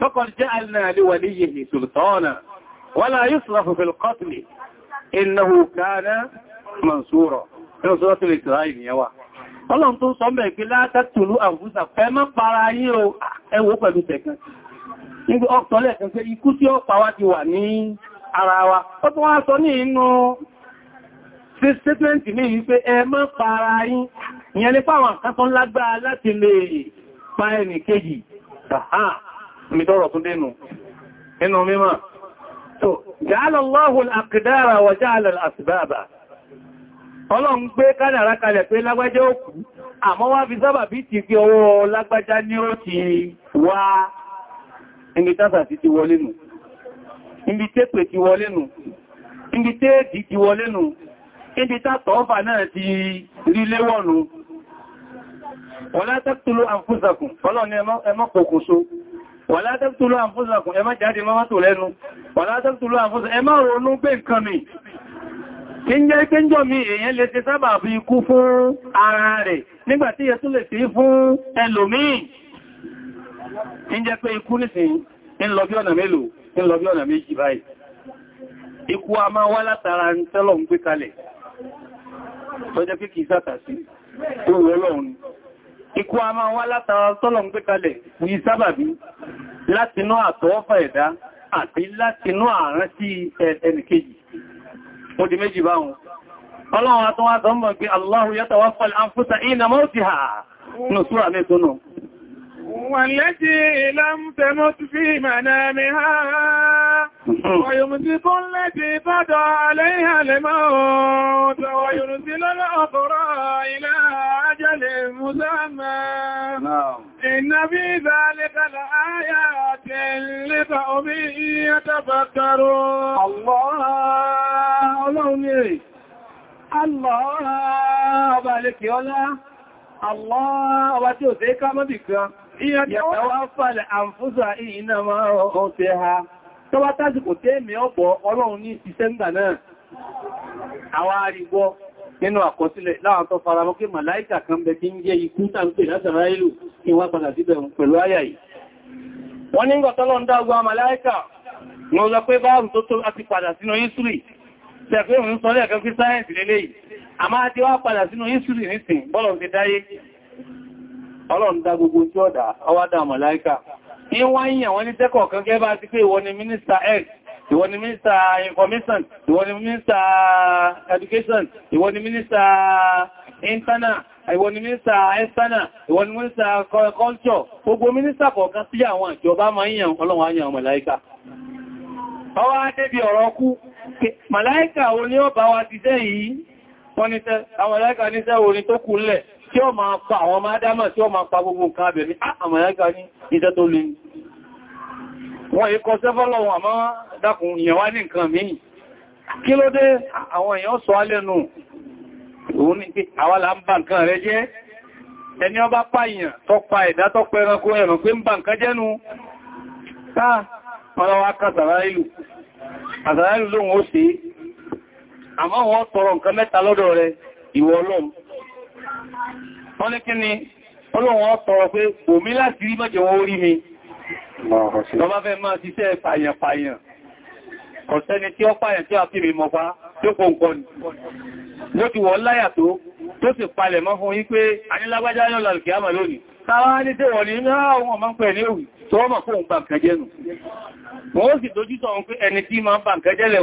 فقد جعلنا لوليه سلطانا ولا يصرف في القتل إنه كان منصورا إنه سورة الإسرائيل يوا Ọlọ́run tó sọ mẹ́ pé látàtùlú àwùsà fẹ́ mọ́ para yí o ẹwọ́ pẹ̀lú tẹ̀kàn. Nígbé ọ̀tọ́lẹ̀ kan pé ikú tí ó pàwá ti wà ní ara wa. Ó tó wá sọ ní inú statement ní wípé ẹ mọ́ para yí, ìyẹn lé fáwọn kan tó lágbára láti lè pa ẹnì kejì. Tàhán mítọ́rọ̀ tún dénú inú mímọ̀ so jàálàláhùn àkìdára wà jàálà àsìbáàbà ọlọ́run gbé kádàrá kalẹ̀ pé lágbájá ó kú àmọ́ wá fi sábà bí ti fi ọwọ́ lágbájá ní ó ti wá ibi tásà ti ti wọlé nù ibi tépè ti wọlé nù ibi téèdì ti wọlé nù ibi wọ́n látẹ́kùtùlú àfúsàkùn ọlọ́run ẹmọ́ kòkòso wàlá tẹ́kùtùlú àfúnsàkùn ẹ má jáde mọ́ mọ́tò lẹ́nu wàlá tẹ́kùtùlú àfúnsàkùn ẹ má ronú pé nǹkan mi kí ń jẹ́ pé ń jọ mi èèyàn lè ṣe sábà fi ikú fún ara rẹ̀ nígbàtí yẹ tún lè sí fún ẹlòmíì kí ń jẹ́ pé ikú nìsìn ń a máa wá látara tọ́lọ̀ ń gbé kalẹ̀ ní sábàbí látinú àtọwọ́fà ẹ̀dá àti látinú ààrán sí ẹnìkejì ó di méjì báhùn ọlọ́run àtọwọ́ àtọwọ́ allah pé Allahu yatawaffa al-anfusa hina ha nù súra mẹ́tọ́nù والتي لم تمت في منامها (laughs) ويمسك التي بدا عليها الموت ويرسل الأخرى إلى أجل مسمى نعم. إن في ذلك لآيات لقوم يتفكرون الله الله الله بارك الله الله وتوسيك مدكا Ìyàtàwáfàlẹ̀ àǹfúsà ìyìnà máa rọ̀ ọ̀tẹ́ ha. Tọ́wá tásìkò tẹ́ mi ọ̀pọ̀ ọlọ́run ní ìsẹ́ndà náà. Àwọn arìgbọ́ nínú àkọsílẹ̀ láwọn tó faramọ́ kí màláìkà kan bẹ kí padà òun sọ lẹ́ẹ̀kan fi sáyẹ̀nsì lélẹ́yìí. A máa wá padà sínú Ọlọ́run dá gbogbo tí ọ̀dá ọwá dá màláíkà ní wá ń yàn wọ́n ní tẹ́kọ̀ọ́ kan gẹ́bà sí pé ìwọ ni mínísítà x ìwọ ni mínísítà information ìwọ ni mínísítà education ìwọ ni mínísítà internal ìwọ ni mínísítà external ìwọ ni mínísítà culture gbogbo mínísítà kọ̀ọ̀kan sí àwọn ìjọba máa ń yàn Ọlọ́run á yàn màláíkà ọwá débi ọ̀rọ̀ kú màláíkà wo ni ó bá wa ti jẹ́ yìí wọ́n ni tẹ́ àwọn màláíkà ní sẹ́ orin tó kú lẹ̀ tí ó máa pa àwọn ọmọ adámà tí ó máa pa gbogbo nǹkan abẹ̀mí ah, àmàyàgá ní ìjẹ́ tó lè wọ́n ikọ̀ sẹ́fọ́lọ́wọ́n àmọ́ dákùn èèyàn wá ní nǹkan míì kí ló dé àwọn èèyàn sọ alẹ́nu òun ní pé àwa ń ba nǹkan rẹ jẹ́ ẹni ó pa wọ́n ní kí ni olóhun ọ̀tọ̀rọ̀ pé òmí láti rí mọ́jẹ̀ wọ́n orí mi lọ́bá fẹ́ máa ṣiṣẹ́ pààyàn pààyàn ọ̀sẹ́ni tí ó pààyàn tí a fi rí mọ́fá tí ó kòǹkọ́ ni ló ti wọ́n láyà tó tó sì palẹ̀ mọ́ fún yí pé anílágbájá yọ́ lálùkì àmà lónìí táwa ní tẹ́wọ̀ ní náà àwọn ọmọ ń pẹ̀ ní òwì tó wọ́n mọ̀ fún òun bàǹkà jẹ́nu wọ́n ó sì dojú sọ òun pé ẹni tí máa bàǹkà jẹ́lẹ̀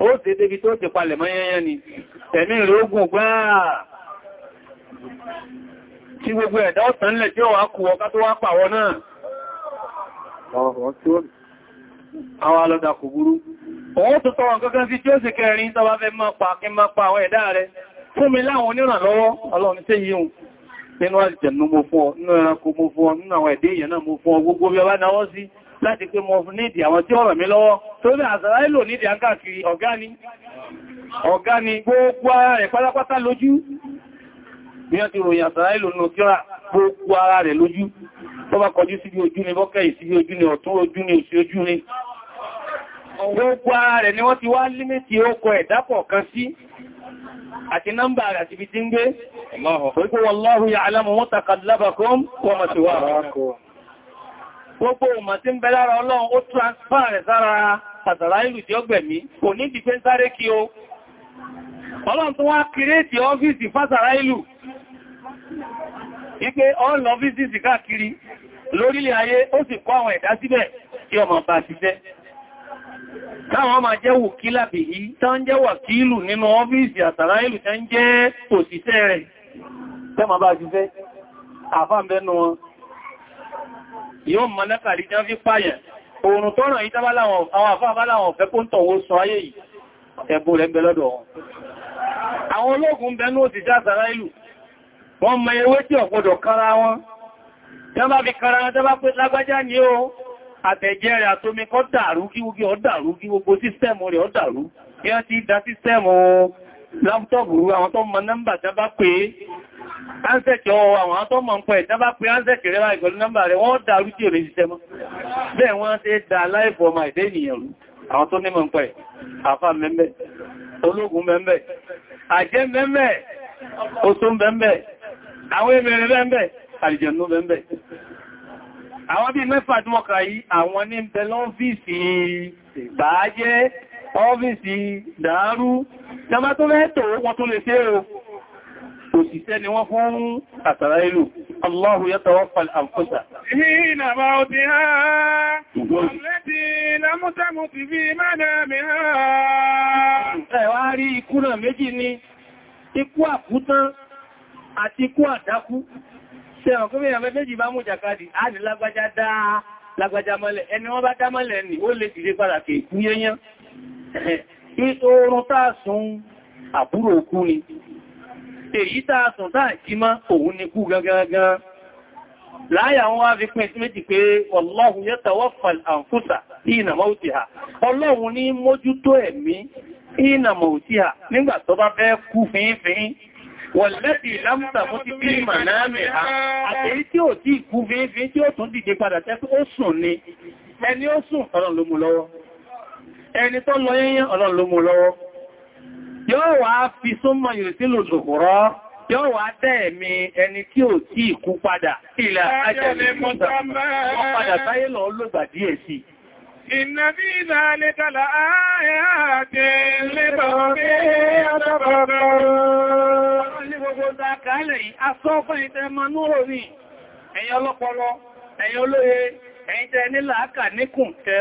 ó ṣe débi tó ti palẹ̀ mọ́ yẹ́yẹ́ ni ẹ̀mí ìrógùn gbáà tí gbogbo ẹ̀dá ọ̀tánlẹ̀ tí ó wá kú ọká tó wá pàwọ náà àwọn alọ́dà kò burú òun tó tọrọ kankan sí tí ó sì kẹrin tọba fẹ́ máa pa kí máa pa àwọn ẹ̀dá rẹ fún mi láwọn onírànlọ́wọ́ ọlọ́run tẹ́ yíò nínú àjẹ̀nú láti pé mo nídìí àwọn tí ó ràn mí lọ́wọ́ tó bí àzàrá ìlò nídìí àǹkàkiri ọ̀gá ni ọ̀gá ni gbogbo ara rẹ̀ pátápátá lójú bí wọ́n ti ròyìn àzàrá ìlò nù kíra gbogbo ara rẹ̀ lójú tó bá kọjú sí bí ojú ni bọ́kẹ̀yì sí bí ojú ni ọ̀tún ojú ni òsì àti nọ́mbà rẹ̀ àti ibi tí ń gbé Allahu ya'lamu mutaqallabakum wa mathwaakum gbogbo ọmọ tí ń bẹ lára ọlọ́run ó transfer rẹ̀ sára sàtàrà ìlú tí ó gbẹ̀mí kò ní dìpé ń sáré kí o ọlọ́run tó wá kìrètì ọ́fíìsì fásàrá ìlú wípé all offices káàkiri lórílẹ̀ ayé ó sì kọ́ àwọn ẹ̀dá síbẹ̀ kí ọmọ bá ṣiṣẹ́ káwọn máa jẹ́ wòkílà bèyí tán jẹ́ wàkílù nínú ọ́fíìsì àtàrà ìlú tán jẹ́ òṣìṣẹ́ rẹ̀ yóò mọ̀ lẹ́kàrí jẹ́ fi pààyàn oòrùn tó ràn ìjábá láwọn àwọn àfáà bá láwọn ọ̀fẹ́ kó ń tọ̀wọ́ sọ ayé yìí ẹ̀bù rẹ̀ bẹ lọ́dọ̀ wọn àwọn ológun bẹnú ti já sára ìlú wọ́n mọ ewé tí ọ̀pọ̀dọ̀ kára wọn tẹ́ bá fi kára wọn tẹ́ bá àwọn tó mọ nọ́mbà tẹ́ bá pé ánsẹ̀kì ọwọ́ àwọn tó mọ̀ ń pẹ̀ ìdábá pé ánsẹ̀kì rẹ̀ ìgbẹ̀lú nọ́mbà rẹ̀ wọ́n dá rú tí ò lè ṣiṣẹ́ mọ́ bẹ́ẹ̀ wọ́n tẹ́ dá láìfọ́ ọmọ ìdé ènìyàn rú àwọn tó ní mọ̀ ń pẹ̀ àfà mẹ́mẹ́ ológun mẹ́mẹ́ àjẹ́ mẹ́mẹ́ oṣùn mẹ́mẹ́ àwọn emèrè mẹ́mẹ́ àlìjẹ̀nú mẹ́mẹ́ àwọn bí mẹ́fà tí wọ́n kà yí àwọn ní bẹ lọ́fíìsì bàájẹ́ ọ́fíìsì dàárú tẹ́mà tó mẹ́tò wọ́n tó lè ṣe o òṣìṣẹ́ ni wọ́n fún Àsàráìlù Allahu yatawaffa al-anfusa hina mawtiha allati lam tamut fi manamiha ẹ wá rí ikú náà méjì ni ikú àkútán àti ikú àdákú sẹ́wọ̀n kí mẹ́rin méjì bá mú jàkadì èyí tàà sùn tàà jí má òun ni kú gangan láyà wọn wá fi pín sí méjì pé ọlọ́hun yatawaffal anfusa hina mawtiha ọlọ́hun ní mójútó ẹ̀mí hina mawtiha nígbà tó bá fẹ́ kú fínfín wọ̀lẹ́bì lámùsà mú ti bí ìmà náà mẹ́ha àtèyí tí ò tí yóò wá fi súnmọ̀ ìrètí lòdòkòrọ́ yóò wá dẹ́ẹ̀mí ẹni tí ò tí ìkú padà ilẹ̀ ajẹ́lẹ̀ mọ́ Inna fi zalika la ayatin li qawmin yatafakkarun. Ní gbogbo dákàálẹ̀ tẹ́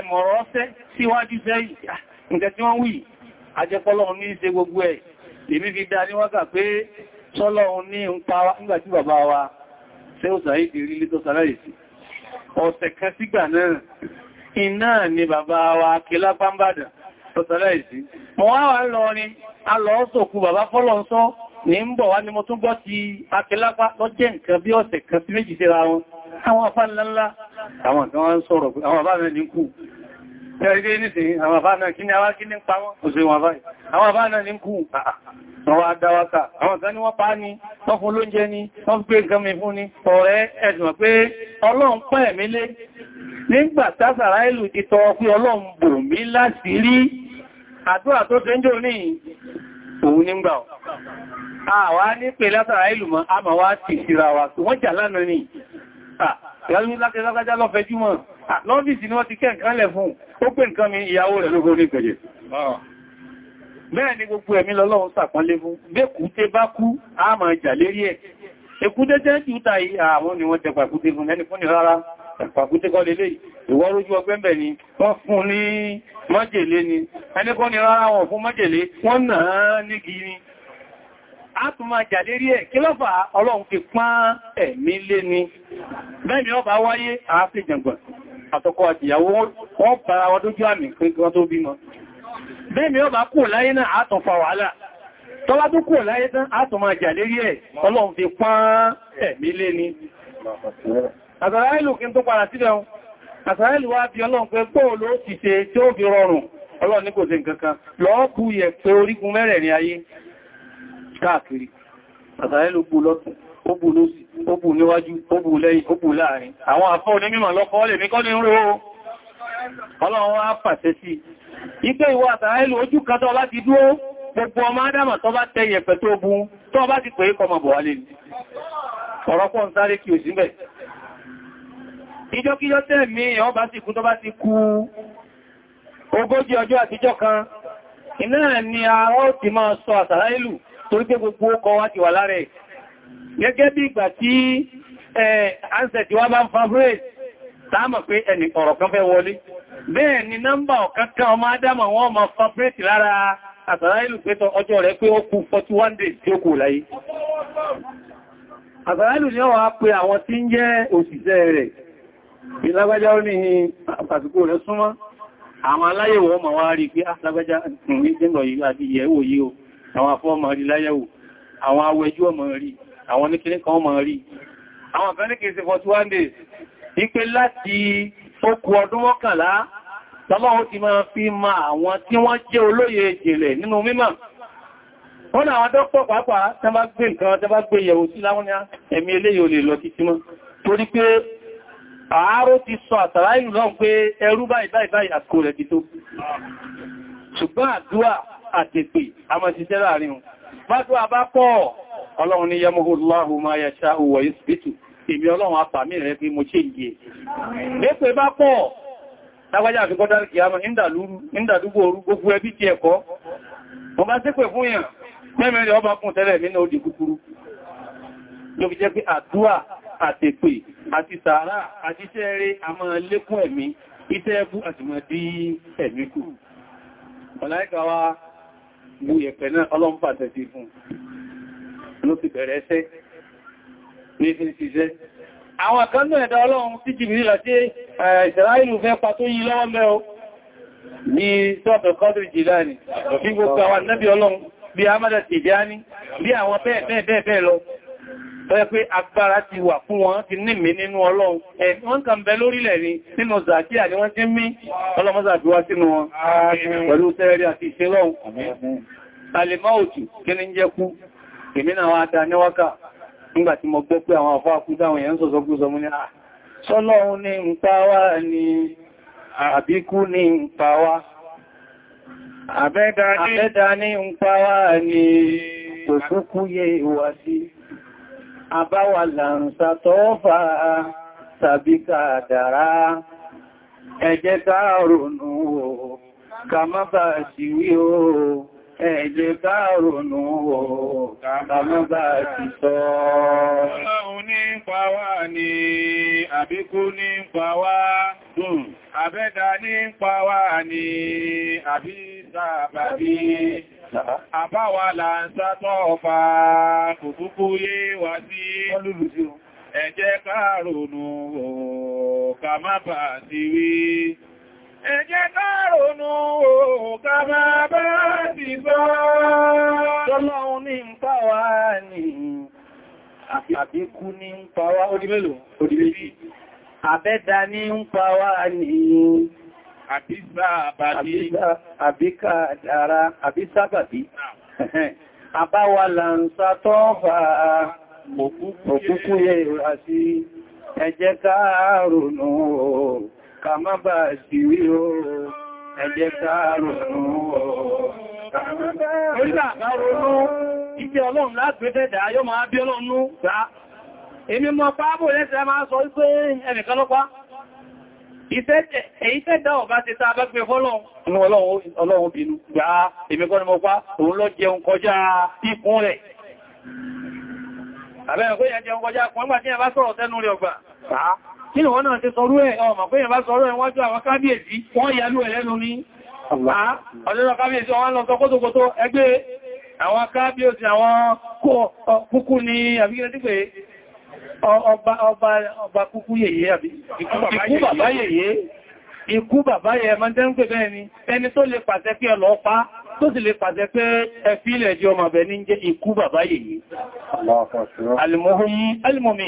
mọ̀rọ̀ ọ́sẹ́ síwájú sẹ́yìn. Ǹjẹ́ tí wọ́n wí ajẹ́pọ́lọ́run ní ṣe gbogbo ẹ̀ èmi fi dá níwákà pé sọ́lọ́run ní ń pa wá nígbàtí bàbá wa ṣe ó sàáyé ti rí lítọ́ sàláyèsí ọ̀sẹ̀ kan sígbà náà iná ni bàbá wa kílá pàmbàdà tó sàláyèsí mọ̀ wá wà lọ ni a lọ sòkú bàbá fọ́lọ́run sọ ní ń bọ̀ wá ni mo tún gbọ́ ti akẹlápá lọ́jẹ́ nǹkan bí ọ̀sẹ̀ sí Ẹgbẹ́ nísìnyí, àwọn àbá náà kí ní awá kí ní pa wọ́n, òṣèrè wọn báyìí. Àwọn àbá náà ní kú, àwọn ah, ah. adáwákà, àwọn kan ní wọ́n pa ní, wọ́n fún lóúnjẹ ní, wọ́n gbé nǹkan mi fún ní, ọ̀rẹ́ ẹ̀sùn pé Ọlọ́run pẹ́ mi lé. Nígbà tásàrá ìlú ti tọ pé Ọlọ́run bò mí láti rí, àdúrà tó ṣe ń jò ní òun nígbà ọ̀. Àwa ní pé látàrá ìlú mọ́, a máa ah, ni. wọ́n ti kẹ́ lẹ̀ fún ó pè nǹkan mi ìyàwó rẹ̀ lógó ní ìpẹ̀jẹ̀ ah. bẹ́ẹ̀ ni gbogbo ẹ̀mí lọ́lọ́run sàpánlé fún bẹ́kú tẹ́ bá kú a máa jà lérí ẹ̀ èkúté tẹ́ jùta yìí àwọn ni wọ́n tẹpa èkúté fún ẹni fún ni rárá pàkúté kọ́ lélé ìwọ́ rójú ọgbẹ́m̀bẹ̀ ni wọ́n fún ní májèlé ni ẹni kọ́ ni rárá wọn fún májèlé wọ́n náà nígi ni a tún máa jà lérí ẹ̀ kí lọ́fà ọlọ́run fi pán ẹ̀mí lé ni bẹ́ẹ̀ ọba wáyé àáfíjàngbọ̀n àtọkọ àtìyàwó wọ́n para wọn dójú àmì pé wọ́n tó bímọ bẹ́ẹ̀mí ọba kú láyé náà àtàn fa wàhálà tọ́lá tó kú láyé tán àtàn máa jà lérí ẹ̀ ọlọ́run fi pán ẹ̀mí lé ni àtàráìlù kí n tó padà sílẹ̀ ohun àtàráìlù wá bí ọlọ́run pé gbóòlò ti ṣe tí ó fi rọrùn ọlọ́run ní kò ṣe ó bù lósì ó bù níwájú ó bù lẹ́yìn ó bù láàrin àwọn àfọ́ onímọ̀ lọ́kọ́ lè ní kọ́ ní rú ọlọ́run wá pàṣẹ sí ipé ìwọ àtàrẹ́lù ojú kan tó bá ti dúró gbogbo ọmọ ádámà tó bá tẹ yẹ̀pẹ̀ tó bú tó bá ti pè é kọmọ bọ̀ wálé ọ̀rọ̀pọ̀ ń sáré kí o sí mẹ́ ìjọkíjọ́ tẹ́ mi ọ bá ti kú tó bá ti kú ogójì gẹ́gẹ́ bí ìgbà tí ansẹ̀tì wá bá ń favorite táàmà pé ẹni ọ̀rọ̀ kan fẹ́ wọlé bẹ́ẹ̀ ni nọ́mbà ọ̀kankan ọmọ adámà wọ́n ma favorite lára àsàrá ìlú pé ọjọ́ rẹ̀ pé ó kú 41 days tí ó kù láyé àsàrá ìlú ni ó wá pé àwọn tí ń jẹ́ òṣìṣẹ́ rẹ̀ ìlágbájá ó ní àsìkò rẹ̀ súnmọ́ àwọn aláyẹ̀wò ọmọ wá rí pé ah, lágbájá ìjẹ́nà yìí àti ìyẹ̀wò yìí o àwọn afọ́ ọmọ rí láyẹ̀wò àwọn awẹjú ọmọ rí àwọn oníkiri kan mọ̀ rí àwọn àfẹ́ ní kìí ṣe 41 days ipé láti okù ọdún mọ́kànlá tọ́lọ́wọ́ ti máa fi ma àwọn tí wọ́n jẹ́ olóye ìjìnlẹ̀ nínú mímọ̀ wọ́n ni àwọn dọ́pọ̀ pàápàá tẹ́ bá gbé nǹkan tẹ́ bá gbé yẹ̀wò sí láwọn ní ẹ̀mí eléyìí ò lè lọ títí mọ́ torí pé àárò ti sọ àtàrà ìlú náà pé ẹrú báyìí báyìí báyìí àkó rẹ̀ ti tó ṣùgbọ́n àdúà àtẹ̀pẹ̀ a máa ṣiṣẹ́ láàrin wọn bá dúà bá ọlọ́run ní yẹmọ́hùláhù máa yẹ ṣáhù wọ ìsìtù èmi ọlọ́run apàmì rẹ̀ pé mo ṣe ìgbè lẹ́pẹ̀ bá pọ̀ lágbàjá àfi kọ́dá kìí àmà ìndàdúgbò orú gbogbo ẹbí ti ẹ̀kọ́ mo bá ṣépè fún yàn mẹ́mẹ́rin ọba kún tẹ́lẹ̀ nínú òdì kúkúrú ló fi jẹ́ pé àdúà àtẹ̀pè àti sàárà àti iṣẹ́ eré a máa lékún ẹ̀mí iṣẹ́ ẹbú àti máa dí ẹ̀mí kù ọ̀láìkà wa gbú yẹ̀pẹ̀ náà ọlọ́run pàtẹ̀ sí fún ló fi bẹ̀rẹ̀ ẹsẹ́ ní fi ṣiṣẹ́ àwọn kan náà ẹ̀dá ọlọ́run tí jìbìrì láti ìsẹ̀láìlú fẹ́ pa tó yí lọ́wọ́ mẹ́ o bí sọ́ọ̀tọ̀ kọ́dìrì jìláni bí gbogbo àwọn nẹ́bí ọlọ́run bí amádà tìjáni bí àwọn bẹ́ẹ̀ bẹ́ẹ̀ bẹ́ẹ̀ lọ tọ́ pé ni wọ́n ti mí ọlọ́mọ́sà bí wá sínú wọn pẹ̀lú tẹ́rẹ àti ìṣẹ́lọ́run alẹ́mọ́ òtù kí èmi náà wá ta níwákà nígbà tí mo gbọ́ pé àwọn àfá àkúdáwọn èèyàn sọ̀sọ́ gúúsọ mú ní à sọ́lọ́run ní ń pa ní àbíkú ní ń pa wá ní ń pa ní òkúkú yẹ ìwà àbáwà làrùnsà tọ́ọ́fà tàbí kàdàrá ẹjẹ́ ká ò kà má bàá sí wí oó ẹ̀jẹ̀ káàrùnù kàbàmọ́bà ti sọ. Ọlọ́run ní ń pa wá ní àbíkú ní ń pa wá hmm. àbẹ́dà ní ń pa wá àbí sàbàbí. Àbáwà là ń sátọ́ ọ̀fà kòkúkú yé wá sí. Ẹ̀jẹ̀ Ẹ jẹ́ ká ronú òkà máa bá ti sọ. Tọ́lọ́un ní ń pa wá ní àbíkú ní ń pa wá, ó di mélòó, ó di méjì. Àbẹ́dà ní ń pa wá ní àbíkàdára, àbísábàbí. Àbáwà làǹsà tọ́ fà òkúkú yẹ ìrọ̀ àti ẹ jẹ́ ká ká má bà sí rí o ẹjẹ́ káàrù Èmi mọ̀ pàábò lẹ́sẹ̀ máa sọ wípé ẹnìkan lọ́pàá. Èyí tẹ́ dá ọ̀bá ti tàbá gbé fọ́lọ́un. Ọlọ́run bínú gbá èmi kọ́ ni mọ̀ pá, òun lọ jẹun kọjá ikún rẹ̀. Àbẹ́ ẹ̀kọ́ yẹ jẹun kọjá kún Kí ni wọ́n náà ti sọrú ẹ̀ ọmọ pé yẹn bá sọrú ẹ̀ wájú àwọn kábíyèsí wọ́n yà lú ẹ̀lẹ́nu ní. Ah, ọjọ́ kábíyèsí wọ́n lọ sọ kótókótó ẹgbẹ́ àwọn kábíyèsí àwọn kúkú ní àbíkẹ́ tí pé ọba kúkú yèyé àbí ikú bàbá yèyé ikú bàbá yẹ ma jẹ́ ń pè bẹ́ẹ̀ ni ẹni tó lè pàṣẹ pé ọlọ́pàá tó sì lè pàṣẹ pé ẹfí ilẹ̀ jẹ́ ọmọ bẹ̀ ní jẹ́ ikú bàbá yèyé alìmọ̀mí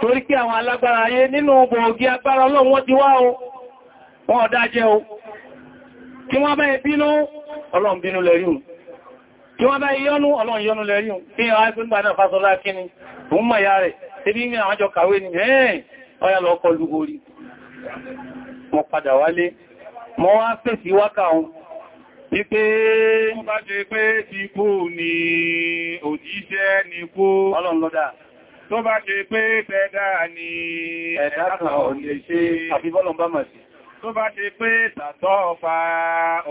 torí kí àwọn alágbára ayé nínú gbòógì agbára ọlọ́run wọ́n ti wá o wọ́n ọ̀dájẹ́ o kí wọ́n bá ìbínú ọlọ́run bínú lẹ́ríun kí wọ́n bá ìyọ́nú ọlọ́run yọ́nú lẹ́ríun kí àwọn agbẹ́gbà náà fásọlá ni ẹ̀ẹ́n ọya lọ kọlu orí mo padà wálé mo wá fèsì wákà ohun wípé bá ṣe pé ti kú ni òjíṣẹ́ ni kú ọlọ́run lọ́dà tó bá ṣe pé tẹ́dá ni ẹ̀dá kan ò lè ṣe àfibọ́lọ̀n bá màṣí tó bá ṣe pé tàtọ́ ọfà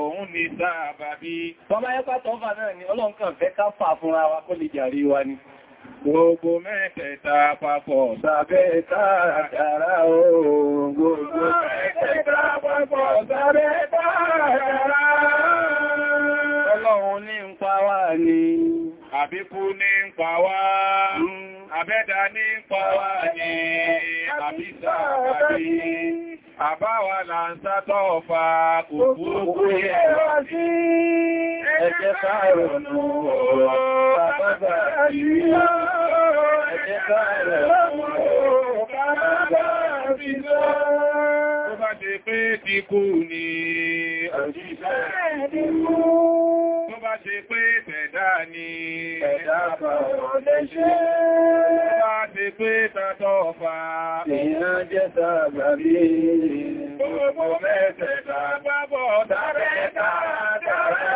òun ni sáàbà bí bọ́bá yẹ́pá tọ́fà náà ni ọlọ́nkàn fẹ́ ká fà fúnra wa kó lè jàrí Gbogbo mẹ́tẹ̀ẹ̀ta papọ̀ sábẹ́ tààrà ooo. Gbogbo Ọlọ́run ní ń pa wá ni. Àbíkú ní ń pa wá. Hmm. Àbẹ́dà ní ń pa wá ni. Àbísà àbábí. Àbáwà là ń sátọ́ ọ̀fà òkúrúkú ẹ̀rọ sí. Ẹjẹ́ káàrùn-ún ọ̀rọ̀ bàbá ṣe pé tẹ̀dá ni ẹ̀dá fàwọn lẹ́ṣẹ́ bá ṣe pé tàtọ́ ọ̀fà èèyàn jẹ́ta gbàbí gbogbo mẹ́tẹ̀ẹ̀ta gbábọ̀ dábẹ́ta dábẹ́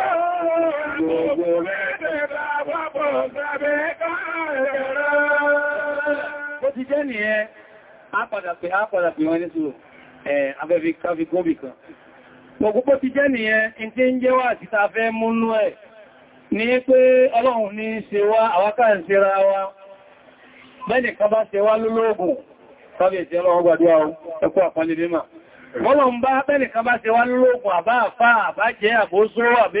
gbogbo mẹ́tẹ̀ẹ̀ta gbábọ̀ dábẹ́ta ẹ̀rọ bó ti jẹ́ nìyẹn á padà pé á padà pé wọ́n ní sùúrù abẹ́fi káfí gómìkan gbogbo ti jẹ́ nìyẹn in ti ń jẹ́wà àti ta fẹ́ múnú ẹ̀ ní pé ọlọ́run ní ṣe wá àwákà ń wa bẹ́ẹ̀ni kan bá ṣe wá lólóògùn tàbí ìṣẹ́ ọlọ́run gbàdúwà ẹkú àpọ̀lẹ̀ mímọ̀ wọ́n bá bẹ́ẹ̀ni kan bá ṣe wá lólóògùn àbá àbájẹ́ àbóso àbí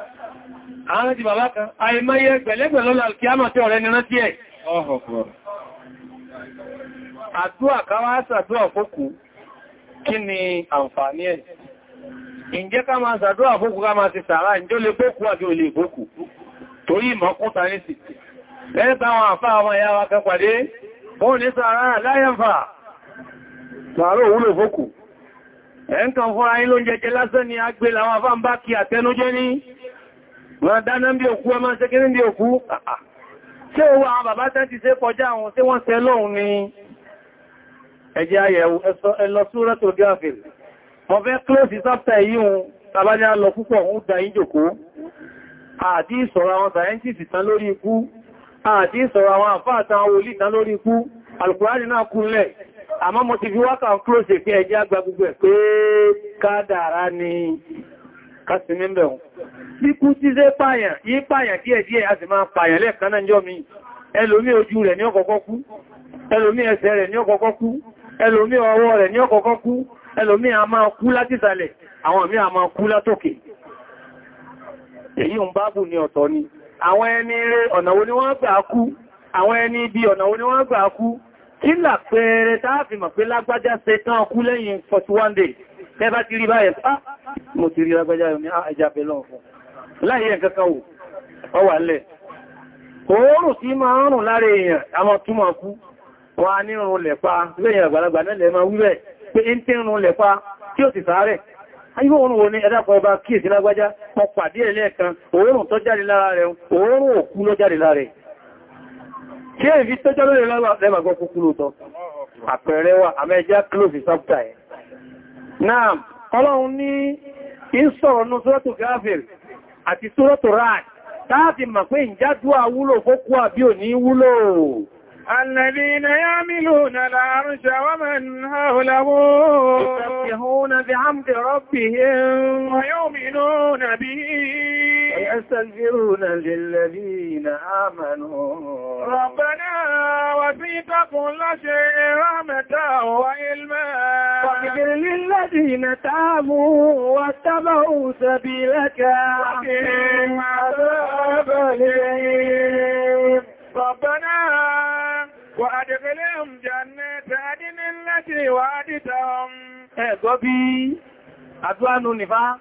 àwọn ti bàbá kan àìmọ́yẹ gbẹ̀lẹ́gbẹ̀lọ́lá kí a máa tí ọ̀rẹ́ nìran tí ẹ̀ àdúà káwà sàdúà fókù kí ni àǹfààní ẹ̀ ǹjẹ́ ká máa sàdúà fókù ká máa ti sàárà ǹjẹ́ ó lè fókù àti ò lè fókù torí ìmọ̀kúta ní sí lẹ́yìn táwọn àfá àwọn ìyá wa kan pàdé bóò ní sàárà láyẹ̀fà sàárò òwúlò fókù ẹ̀ ń kàn fún ayé ló ń lásán ni a gbé làwọn àfá ń bá kí àtẹnujẹ́ ní wọ́n dáná bí òkú ọmọ ṣẹ́kiri bí òkú ṣe owó àwọn bàbá tẹ́ ti ṣe kọjá àwọn tí wọ́n tẹ́ lọ́hun ni ẹjẹ́ ayẹ̀wò ẹlọ Suratul Ghafir mo fẹ́ close sáptà yíhun tàbájá lọ púpọ̀ ń da ìjòkó àti ìsọ̀rọ̀ àwọn sàyẹ́ntìsì tán lórí ikú àti ìsọ̀rọ̀ àwọn àfáàtà wòlí tán lórí ikú alùkùránì close pé ẹjẹ́ àgbà gbogbo ẹ̀ kásì ní bẹ̀rún kíkú tí ṣe pààyàn yí pààyàn díẹ̀ díẹ̀ a sì máa pààyàn lẹ́ẹ̀kan náà jọ mi ẹlòmí ojú rẹ̀ ní ọkọ̀kọ́ kú ẹlòmí ẹsẹ̀ rẹ̀ ní ọkọ̀kọ́ kú ẹlòmí ọwọ́ rẹ̀ ní ọkọ̀kọ́ kú ẹlòmí a máa kú látísàlẹ̀ àwọn mí a máa kú látòkè èyí ń bábù ni àwọn ẹni rẹ̀ ọ̀nà wo ni wọ́n gbà kú àwọn ẹni ibi ọ̀nà wo ni wọ́n gbà kú kí 41 days tẹ́ bá ti rí báyẹ̀ pá ah, mo ti rí lágbàjá ní ah, ẹja pẹ̀lọ́ fún láyé kankan wò ọ wà lẹ̀ oòrùn tí máa ń rùn lára èèyàn àmọ́ túnmọ̀ kú wọ́n a ní rùn lẹ̀pa lẹ́yìn àgbàlagbà náà lẹ́ máa wíwẹ̀ pé ń tí rùn lẹ̀pa tí ó ti sàárẹ̀ ayíwọ̀ oòrùn wo ni ẹ̀dàkọ̀ ọba kíyèsí lágbàjá mọ pàdé ẹ̀lẹ́ẹ̀kan oòrùn tó jáde lára rẹ̀ oòrùn òkú ló jáde lára rẹ̀ kí èyí tó jáde lára rẹ̀ náà ọlọ́run ní ìsọ̀rọ̀ ní sọ́rọ̀tò gáfẹ̀ẹ́ àti sọ́rọ̀tò ráà táàfi mọ̀ pé ìjádúwà wúlò fókúà bí ò ní wúlò الذين يعملون العرش ومن حوله يسبحون بحمد ربهم ويؤمنون به ويستغفرون للذين آمنوا ربنا وفيت كل شيء رحمة وعلما واغفر للذين تابوا واتبعوا سبيلك وقهم عذاب الهيم ربنا وأدخلهم جنة عدن التي وعدتهم أغبي أدوان نفا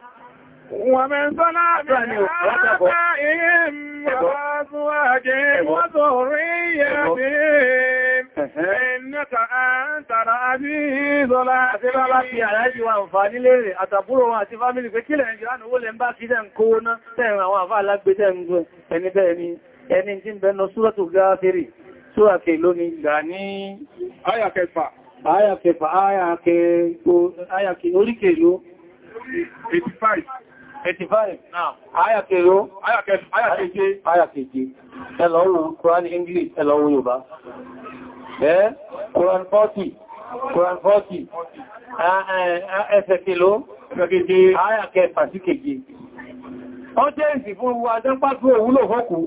ومن صنع من آبائهم وأزواجهم وذرياتهم إنك أنت العزيز العزيز العزيز àyájú wa àǹfààní lérè àtàbúrò wọn àti fámílì pé kílẹ̀ ìjọ́ ànúwó lẹ́ ń bá kí tẹ́ ń ẹni tí ń bẹnu súrọ̀tù gáfírí súrà kèló ni gbà ní àyà kẹfà àyà kẹfà oríkèló 85 85 náà àyà kèló àyà keje ẹlọ́run Quran English ẹlọ́run Yorùbá ẹ́ Quran 40 Quran 40 ẹsẹ̀ kèló àyà sí keje ọjọ́ ìsìn fún owó adẹ́pàá tó òwúlò fọ́kùn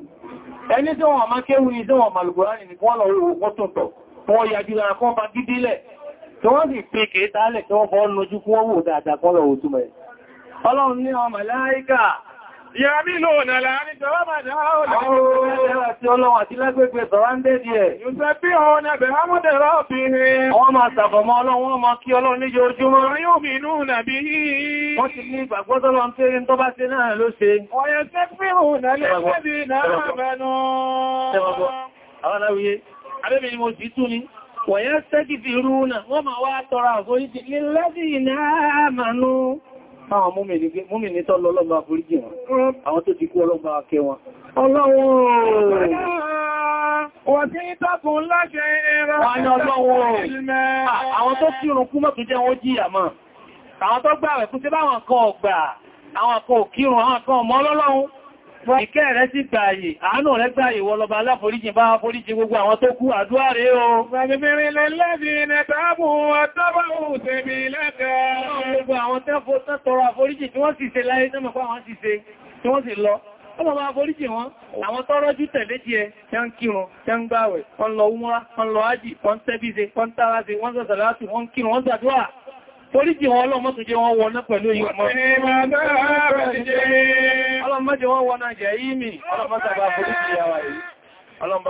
ẹni tí wọ́n ma kéwú ní tí wọ́n ma lùgbọ́ránì ní wọ́n lọ rí òkú tọ̀tọ̀ wọ́n yàjú lára kọ́ bá gídílẹ̀ tí wọ́n sì pé kèé tálẹ̀ tí wọ́n bọ́ lójú fún ọwọ́ dáadáa kọ́lọ̀ òtúmẹ̀ ọlọ́run ní ọmọ láíkà Yàmílòna láàrin jọwọ́mà náà ọlọ́rọ̀ àti ọlọ́run àti lágbègbè sọ̀rándẹ́dì ẹ̀. Yùsẹ̀ bí ọ̀nà bẹ̀hámọ́dẹ̀ rọ́ọ̀bí ni. Wọ́n máa sàfọ̀mọ́ ọlọ́run wọ́n máa kí ọlọ́run ní ojoojúmọ́. Yóò bí inú nàbí. Wọ́n ti ní ìgbàgbọ́sọ́lọ́run tí ń tọ́ bá ṣe náà ló ṣe. Ọ̀yẹ̀ sẹ́fíhùn lẹ́lẹ́bí náà mẹ́nu. Àwọn aláwíyé, àbẹ́bẹ̀ ni mo ni wọ̀nyẹ́ sẹ́gì fi rúnà fáwọn múmìnì tó lọ lọ́gbà foríjì wọn àwọn tó ti kú ọlọ́gbà akẹ wọn ọlọ́wọ́n wọ́n tí ń tọ́kùn láṣẹ ẹ̀rọ àwọn tó kírun kú mọ́tún jẹ́ wọ́n jíyà mọ́ àwọn tó gbà rẹ̀ kú sí báwọn kan ọgbà àwọn kan òkírun àwọn kan ọmọ ọlọ́lọ́run Ìkẹ́ rẹ̀ sí gbàyè, àánú rẹ̀ gbàyè wọ lọba aláforíjì bá foríjì gbogbo àwọn tó kú àdúrà rẹ̀ o. Gbàgbìmìrin lẹ́lẹ́bì ní tábù àtọ́bàwò tẹ̀bì lẹ́kẹ́. Gbogbo àwọn tẹ́fò tẹ́tọrọ àforíjì tí wọ́n sì ṣe láyé tẹ́mọ̀ fún àwọn sì ṣe tí wọ́n sì lọ ọmọ máa foríjì wọn àwọn tọ́rọ jú torí jí wọn ọlọ́mọ́ tún jẹ́ wọn wọná pẹ̀lú ìyí ọmọ ọlọ́mọ́ jẹ́ wọn wọná jẹ́ yìí mi ọlọ́mọ́ sàbà foríjì yàwà yìí ọlọ́mọ́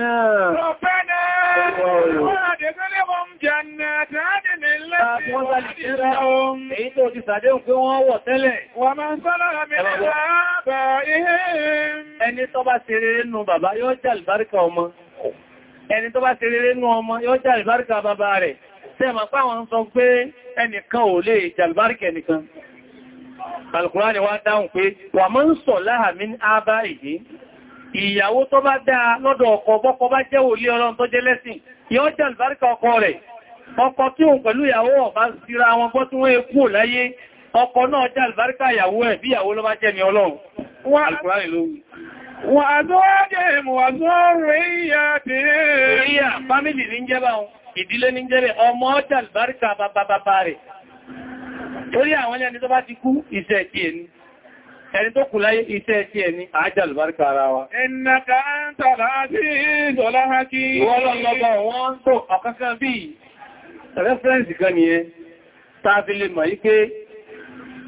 náà rọ̀pẹ́nà Èyí Ẹni tó bá ṣe rere nù bàbá yóò jẹ́ àlìbáríkà ọmọ. Ẹni tó bá ṣe rere nù ọmọ yóò jẹ́ àlìbáríkà bàbá rẹ̀. Tẹ́mà páwọn sọ pé ẹnìkan ò lè jàlbáríkẹ̀ nìkan. Alkùránì wá dáhùn pé wà mọ́ ń sọ láàmí ábá ìdí. Ìyàwó tó bá dáa lọ́dọ̀ ọkọ bọ́kọ bá jẹ́ òlé ọlọ́run tó jẹ́ lẹ́sìn, yọ́ jàlbáríkà ọkọ rẹ̀. Ọkọ tí òun pẹ̀lú ìyàwó ọ̀bá síra wọn bọ́ tí wọ́n ekú láyé, ọkọ náà jàlbáríkà ìyàwó ẹ̀ bí bá jẹ́ ìdílé ní jẹ́rẹ̀ ọmọ ọjà lùbáríkà bàbàbà rẹ̀ torí àwọn ẹni tó bá ti kú iṣẹ́ ẹ̀kí ẹni ẹni tó kù láyé iṣẹ́ ẹ̀kí ẹni àájà lùbáríkà ara wa ẹnàkà ń tàbí àti ìzọ̀lá hákí wọ́n lọ́lọ́gbọ̀ wọ́n tó ọ̀kankan bí rẹ́fẹ́rẹ́nsì kan nìyẹn tàbí lè mọ̀ wípé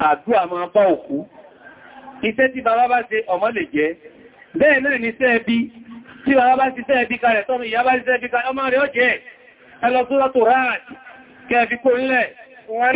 àdúrà máa bá òkú iṣẹ́ tí bàbá bá ṣe ọmọ lè jẹ́ bẹ́ẹ̀ náà ní iṣẹ́ ẹbí tí bàbá bá ṣiṣẹ́ ẹbí kalẹ̀ tọ́mọ ìyá bá ṣiṣẹ́ ẹbí kalẹ̀ ọmọ rẹ̀ ó jẹ́ ẹlọ tó rátò ráàdì kẹfì kó nílẹ̀ wọ́n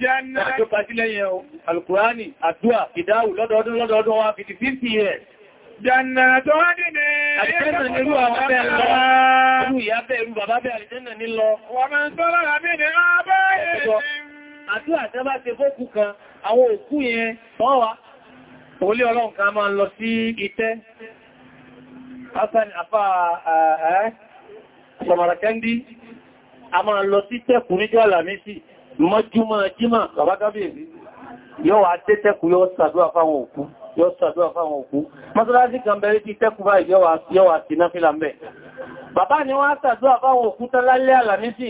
Jannà tó wá dìde àjẹ́nà nírú àwọn abẹ́ lọ, irú ìyá bẹ́ irú bàbá bẹ́ àjẹ́nà nílọ. Wọ́n mẹ́ sọ́lọ́ àmì ní àbẹ́ ẹ̀sìn. Àdúrà tẹ́ bá ti fókù kan, àwọn òkú yẹn tọ́wà, olé ọlọ́run kan máa lọ sí itẹ́. Hassan afá ẹ́, Sọmọ̀ràkẹ́ndí, a máa lọ sí tẹ́kù níjọ́ àlàmísì mọ́júmọ́ jímọ̀ bàbá kábíyèsí yóò wá dé tẹ́kù yóò ṣàdúrà fáwọn òkú yóò ṣàdúrà fáwọn òkú mọ́sálásí kan bẹ̀rẹ̀ tí tẹ́kù báyìí yóò wá sí náfílà ń bẹ̀ bàbá ni wọ́n ṣàdúrà fáwọn òkú tán lálẹ́ àlàmísì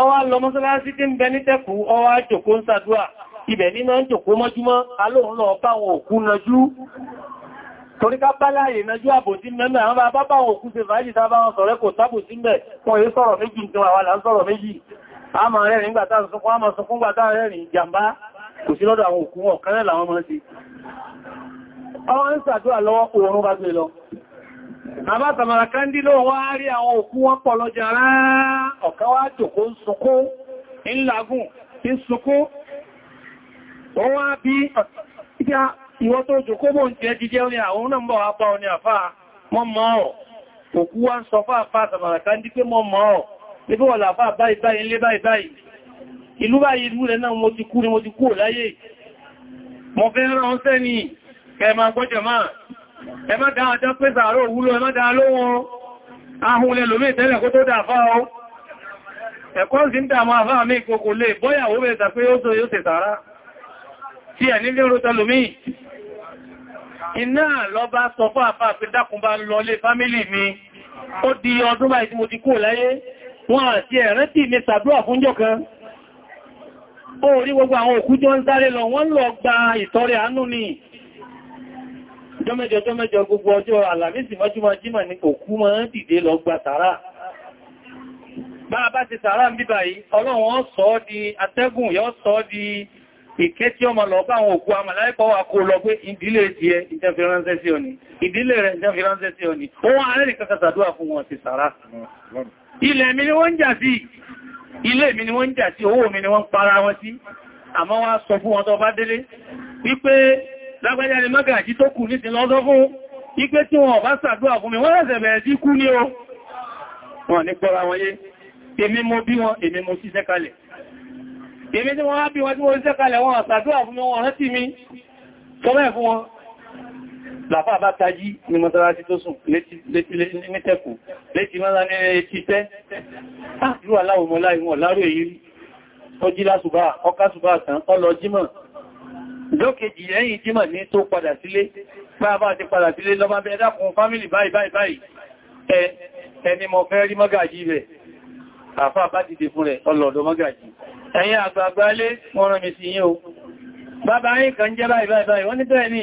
ọwá lọ mọ́sálásí tí ń bẹ ní tẹ́kù ọwá jòkó ń ṣàdúrà ibẹ̀ ní máa ń jòkó mọ́júmọ́ alóhun lọ báwọn òkú najú torí ká bá láàyè najú àbòsí mẹ́mẹ́ àwọn bá a máa rẹ̀ nígbà tá sunkún a máa sunkún gbà tá rẹ̀ rìn jàmbá kò sí lọ́dọ̀ àwọn òkú ọ̀kan rẹ̀ làwọn máa sí ọwọ́ ń sàdúrà lọ́wọ́ oòrùn bá gbé lọ bàbá tàmàrà kándí ló wá rí àwọn òkú wọn pọ̀ lọ́jà rán ọ̀kan wá jòkó ń sunkún ń lagùn ń sunkún wọ́n pẹ́bọ́ wà láàfá báyìí báyìí lé báyìí báyìí ìlú báyìí ìlú rẹ̀ náà mo ti kú ni mo ti kú láyé mo fẹ́ rán sẹ́ni ẹ̀mà gbọ́jẹ̀ máa ẹmá dáadáa pé sàárò wúlò ẹmá dáa lóhun ahun lẹ lómi ìtẹ́lẹ̀ kó tó dáfá ọ ẹ̀kọ́ sí ń dàmà àfá mi kòkò lè bọ́yàwó bẹ̀ẹ̀ta pé ó so yóò tẹ̀ sàárá tí ẹ̀ nílé oró tẹlòmí iná lọ bá sọ fún àfá pé dákùn bá lọ lé fámílì mi ó di ọdún báyìí tí wọn àti ẹ̀rẹ́ tí mi sàdúrà fúnjọ́ kan ó rí gbogbo àwọn òkú jọ ń sáré lọ wọ́n lọ gba ìtọrẹ àánú ni jọmẹjọ jọmẹjọ gbogbo ọjọ́ àlàmísì mọ́júmọ́ jímọ̀ ní òkú mọ́ dìde lọ gba tààrà bá a bá ti tààrà ń bíbà yìí ọlọ́run sọ ọ́ di atẹ́gùn yọ́ sọ ọ́ di ìké tí ọmọ lọ bá àwọn òkú amàláìpọ̀ wà kó lọ pé ìdílé ti ẹ ìjẹ́fìránṣẹ́ sí ọ ilẹ̀ mi ni wọ́n ń jà sí ilé mi ni wọ́n ń jà sí owó mi ni wọ́n ń para wọn sí àmọ́ wá sọ fún wọn tó bá délé wípé lágbàjá ni mọ́gàjí tó kù nísìn lọ́sọ fún wípé tí wọn bá ṣàdúrà fún mi wọ́n rẹ̀ bẹ̀rẹ̀ sí kú ní o wọn ní gbọ́ra wọn yé èmi mo bí wọn èmi mo wọ́n làfáà bá tají ní mọ́sálásí tó sùn ní tẹ́kù létí mọ́sá ní etí tẹ́ àdúrà ah, láwọn ọmọ láìwọ̀n láàrẹ èyí tó jí lásùbá ọkásùbá tán ọlọ jímọ̀ lókèjì ẹ̀yìn jímọ̀ ní tó padà sílé pàápàá àti padà sílé lọ máa bẹ dákun fámílì báyìí báyìí báyìí ẹni mọ̀ fẹ́ rí mọ́gàjí rẹ̀ àfáà bá dìde fún rẹ̀ ọlọ̀dọ̀ mọ́gàjí ẹ̀yìn àgbàgbà lé mọ́rán bàbá yín kan jẹ́ báyìí báyìí wọ́n ní bẹ́ẹ̀ ni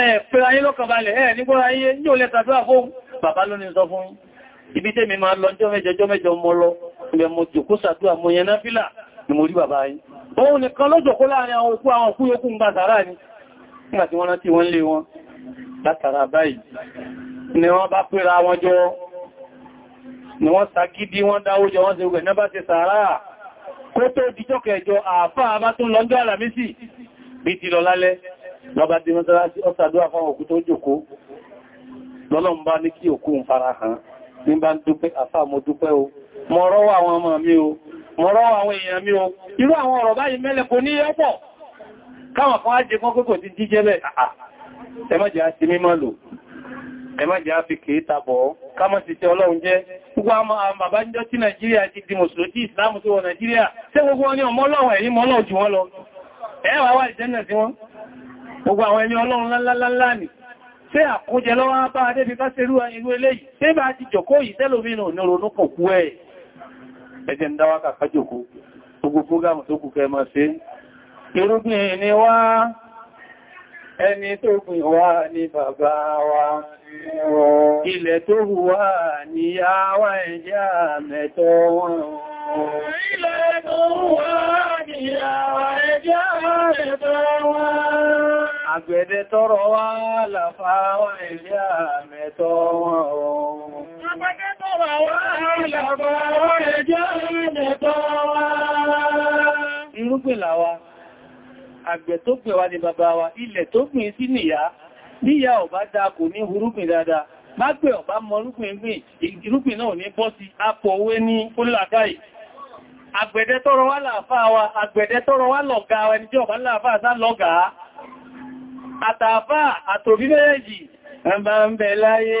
ẹ̀ẹ̀pẹ́ ayé lọ́kànbalẹ̀ ẹ̀ẹ̀ nígbọ́ra ayé ní ò lẹ́tàdúrà fún bàbá lónìí sọ fún ibi tẹ́mi máa lọ jọ́ mẹ́jọ jọ́ mẹ́jọ mọ́ lọ ilẹ̀ mo jòkó sàdúrà mo yẹn ni mo rí bàbá yìí òun nìkan ló láàrin àwọn òkú àwọn òkú yókù ń bá sàárà ni nígbà tí wọ́n rántí wọ́n lé wọn látara báyìí ni wọ́n bá pèrà wọn jọ ni wọ́n sàgídí wọ́n dáwó jọ wọ́n ṣe rẹ̀ náà bá lọ́bá dé mọ́sálásí ọ́sàdúwà fáwọn òkú tó jòkó lọ́lọ́m bá ní kí òkú ń fara hàn ní bá ń dúpẹ́ àfà mo dúpẹ́ o mo rọ́wọ́ àwọn ọmọ mi o mo rọ́wọ́ àwọn èèyàn mi o irú àwọn ọ̀rọ̀ báyìí mẹ́lẹ̀ kò ní ẹ́pọ̀ káwọn kan á jẹ kan kókò ti jíjẹ́ bẹ́ ẹ má jẹ́ á ti mímọ́ lò ẹ má jẹ́ á fi kìí tabọ̀ kámọ́ ti gbogbo àwọn bàbá ń jọ tí nàìjíríà ti di mùsùlùmí ìsìlámù tó wọ nàìjíríà ṣé gbogbo wọn ni ọmọ ọlọ́run ẹ̀yìn mọ́ ọlọ́run wọn lọ ẹ wà wà ìjẹ́nà sí wọn gbogbo àwọn ẹni ọlọ́run lálálálá ni ṣé àkójẹ lọ́wọ́ bá adébí ká ṣerú irú eléyìí ṣé bá ti jòkó yìí tẹ́lòmínà ní ronú kò kú ẹ̀ ẹjẹ́ ń dáwákà kájòkó gbogbo fógámù tó kù kẹ máa ṣe irúgbìn ni wá ẹni tó gbìn wá ní bàbá wa ilẹ̀ tó hù ní àwa ẹ̀já mẹ́tọ́ wọn ilẹ̀ tó hù ní àwa ẹ̀já Àgbẹ̀dẹ tọrọ wá làfáwà ìyá mẹ́tọ́ wọn ohun. Àgbẹ̀dẹ tọrọ wá làfáwà ìyá mẹ́tọ́ wọn. Irúgbìn wa, ilẹ̀ tó gbìn sí nìyá, níyà ọ̀bá dáa kò ní hurúgbìn dáadáa. Má pẹ̀ ọ̀bá mọ irúgbìn gbìn, irúgbìn náà ní bọ́ sí apọ̀ owé ní ó àgbẹ̀dẹ tọ́rọ wá láàfáà wa àgbẹ̀dẹ tọ́rọ wá lọ̀gá wa ẹni tí ọ̀bá láàfáà sá lọ́gá àtàfáà àtòbí méjèèjì ẹmbà ń bẹ láyé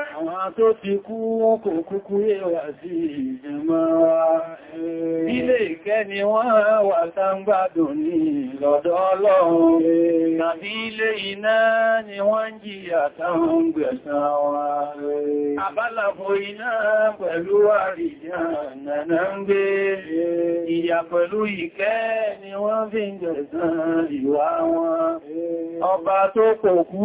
àwọn tó ti kú wọn kò kúkú yẹ wà sí ìjẹmọ́ ilé ìkẹ́ ni wọ́n wà sáńgbádùn ní lọ́dọ̀ ọlọ́run tàbí ilé iná ni wọ́n ń jìyà táwọn gbẹ̀san wa abálàfò iná pẹ̀lú àríyàn nànà ń gbé ìyà pẹ̀lú ìkẹ́ ni wọ́n fi ń gbẹ̀san ìwà wọn ọba tó kò kú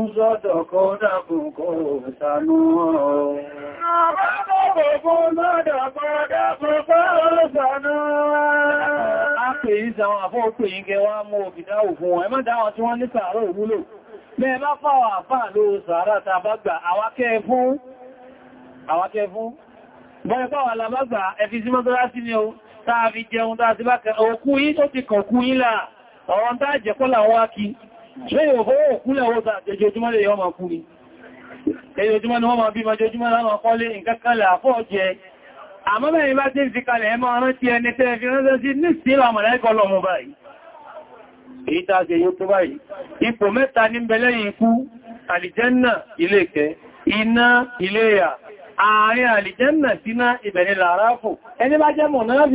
Bẹ́ẹ̀ bá pàwà àfáà ló sàárà ta bá gbà àwákẹ́ fún, àwákẹ́ fún, bọ́ẹ̀ pàwà làbágbà ẹfi sí mọ́tọ́lá sí ni o, táa fi jẹun táa sí bá òkú yí tó ti kọ̀kú yí láà, ọ̀rọ̀ táà jẹ́kọ́ làwọ́ ẹjọ́júmọ́ ni wọ́n máa bí mọjọ́júmọ́ láwọn kọ́lé ìkẹ́kẹ́lẹ̀ àfọ́ọ̀jẹ́ àmọ́ mẹ́rin bá tí ń fi kalẹ̀ ẹmọ́ ọ̀rán tí ẹni tẹ́ fi ránṣẹ́ sí ní sí àmọ̀lẹ́kọ́ lọ́mọ báyìí èyí tàà sí yóò tó báyìí ipò mẹ́ta ní bẹ̀lẹ́yìn ikú àlìjẹ́nà ilé ìkẹ́ iná ilé ìyà àárín àlìjẹ́nà síná ìbẹ̀rẹ̀ làráfò ẹni bá jẹ́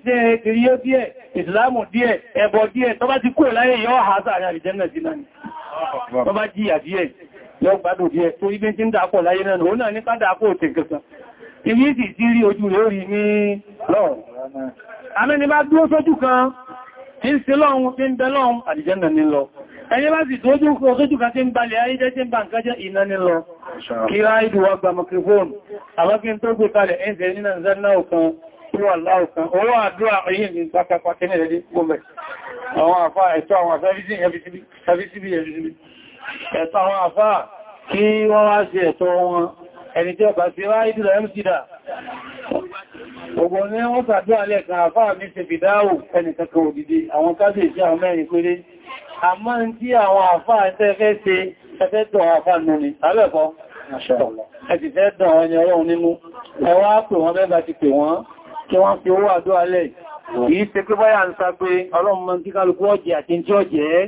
díẹ̀ ìsìláàmù díẹ̀ tó bá ti kúrò láyé yọ́ àásà àárín àlìjẹ́nà síná ni tó bá jíyà díẹ̀ yọ gbádùn díẹ̀ tó ibé tí ń dàpọ̀ láyé náà òun náà ní kádàpọ̀ òtè kankan ibi sì sí rí ojú rẹ̀ rí ní lọ́rùn amẹ́ni bá dúró sójú kan tí ń ṣe lọ́run tí ń bẹ lọ́run àdìjẹ́nà ní lọ ẹni bá sì dúró sójú kan tí ń balẹ̀ ayé jẹ́ tí ń bá nǹkan jẹ́ iná ní lọ kí ráìdù wa gba microphone àwọ́kín tó gbé kalẹ̀ ẹ̀ǹtẹ̀ nínú zanna ọ̀kan tó wà láọ̀kan owó àdúrà ẹ̀yìn ní pátápátá ní ẹ̀rẹ́ gbọ́mẹ̀ àwọn àfá ẹ̀tọ́ àwọn àfẹ́ ẹ̀tọ́ àwọn àfáà kí wọ́n wá sí ẹ̀tọ́ wọn ẹni tí ọba sí rá ìdílọ mcdá ọgbọ̀n ní wọ́n sàdúrà lẹ́ẹ̀kan àfáà mi ṣe fìdáwò ẹni kankan òdìdí àwọn kábíyèsí àwọn mẹ́rin péré àmọ́ tí àwọn àfáà tẹ́fẹ́ ṣe tẹ́fẹ́ tọ́ àfáà nù ni alẹ́kọ́ ẹ̀sì fẹ́ dàn àwọn ẹni ọlọ́run nínú ẹwà pè wọ́n bẹ́ẹ̀ bá ti pè wọ́n kí wọ́n fi owó àdúrà lẹ̀ kìí ṣe pé báyà ń sá pé ọlọ́run mọ́ kí kálukú ọ̀jẹ̀ àti ń tí ọ̀jẹ̀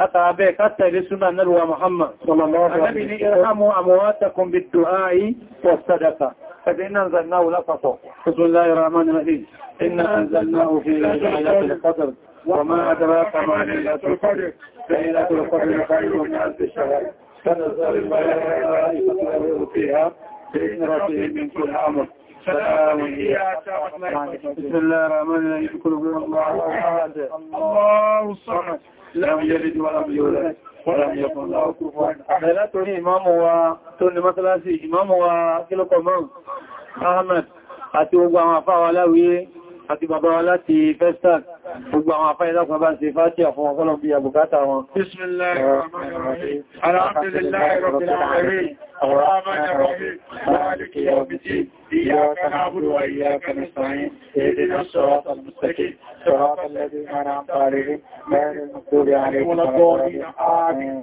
أتابيك حتى لسنة نلوى محمد صلى الله عليه وسلم النبي ارحموا أمواتكم بالدعاء والصدقة فإن أنزلناه لفظه بسم الله الرحمن الرحيم إن أنزلناه في ليلة القدر وما أدراك ما ليلة القدر ليلة القدر خير من ألف شهر تنزل الملائكة فيها بإذن ربهم من كل أمر سلام بسم الله الرحمن الرحيم كل الله الله الصمد láàmì yẹ́lì tí wọ́n láàmì yóò rẹ̀ wọ́n láàmì yẹ́kùn láàkùn fún ààrẹ látorí ìmáàmù wa tó ní mọ́sálásí ìmáàmù wa kílọ́kọ̀ mọ́rùn Ahmed àti gbogbo àwọn àfáà wa láwúyé àti bàbá wa láti Festac gbogbo àwọn afẹ́ ìlọ́pàá bá ń ṣe fásí àfún ọgọ́lọ́ bí àbùkátà wọn Bismillahirrahmanirrahim. Alhamdulillahi rabbil alamin. Ar-Rahmanir Rahim. Maliki yawmid din. Iyyaka na'budu wa iyyaka nasta'in. Ihdinas siratal mustaqim. Siratal ladzina an'amta 'alayhim, ghayril maghdubi 'alayhim wa lad-dallin. Amin.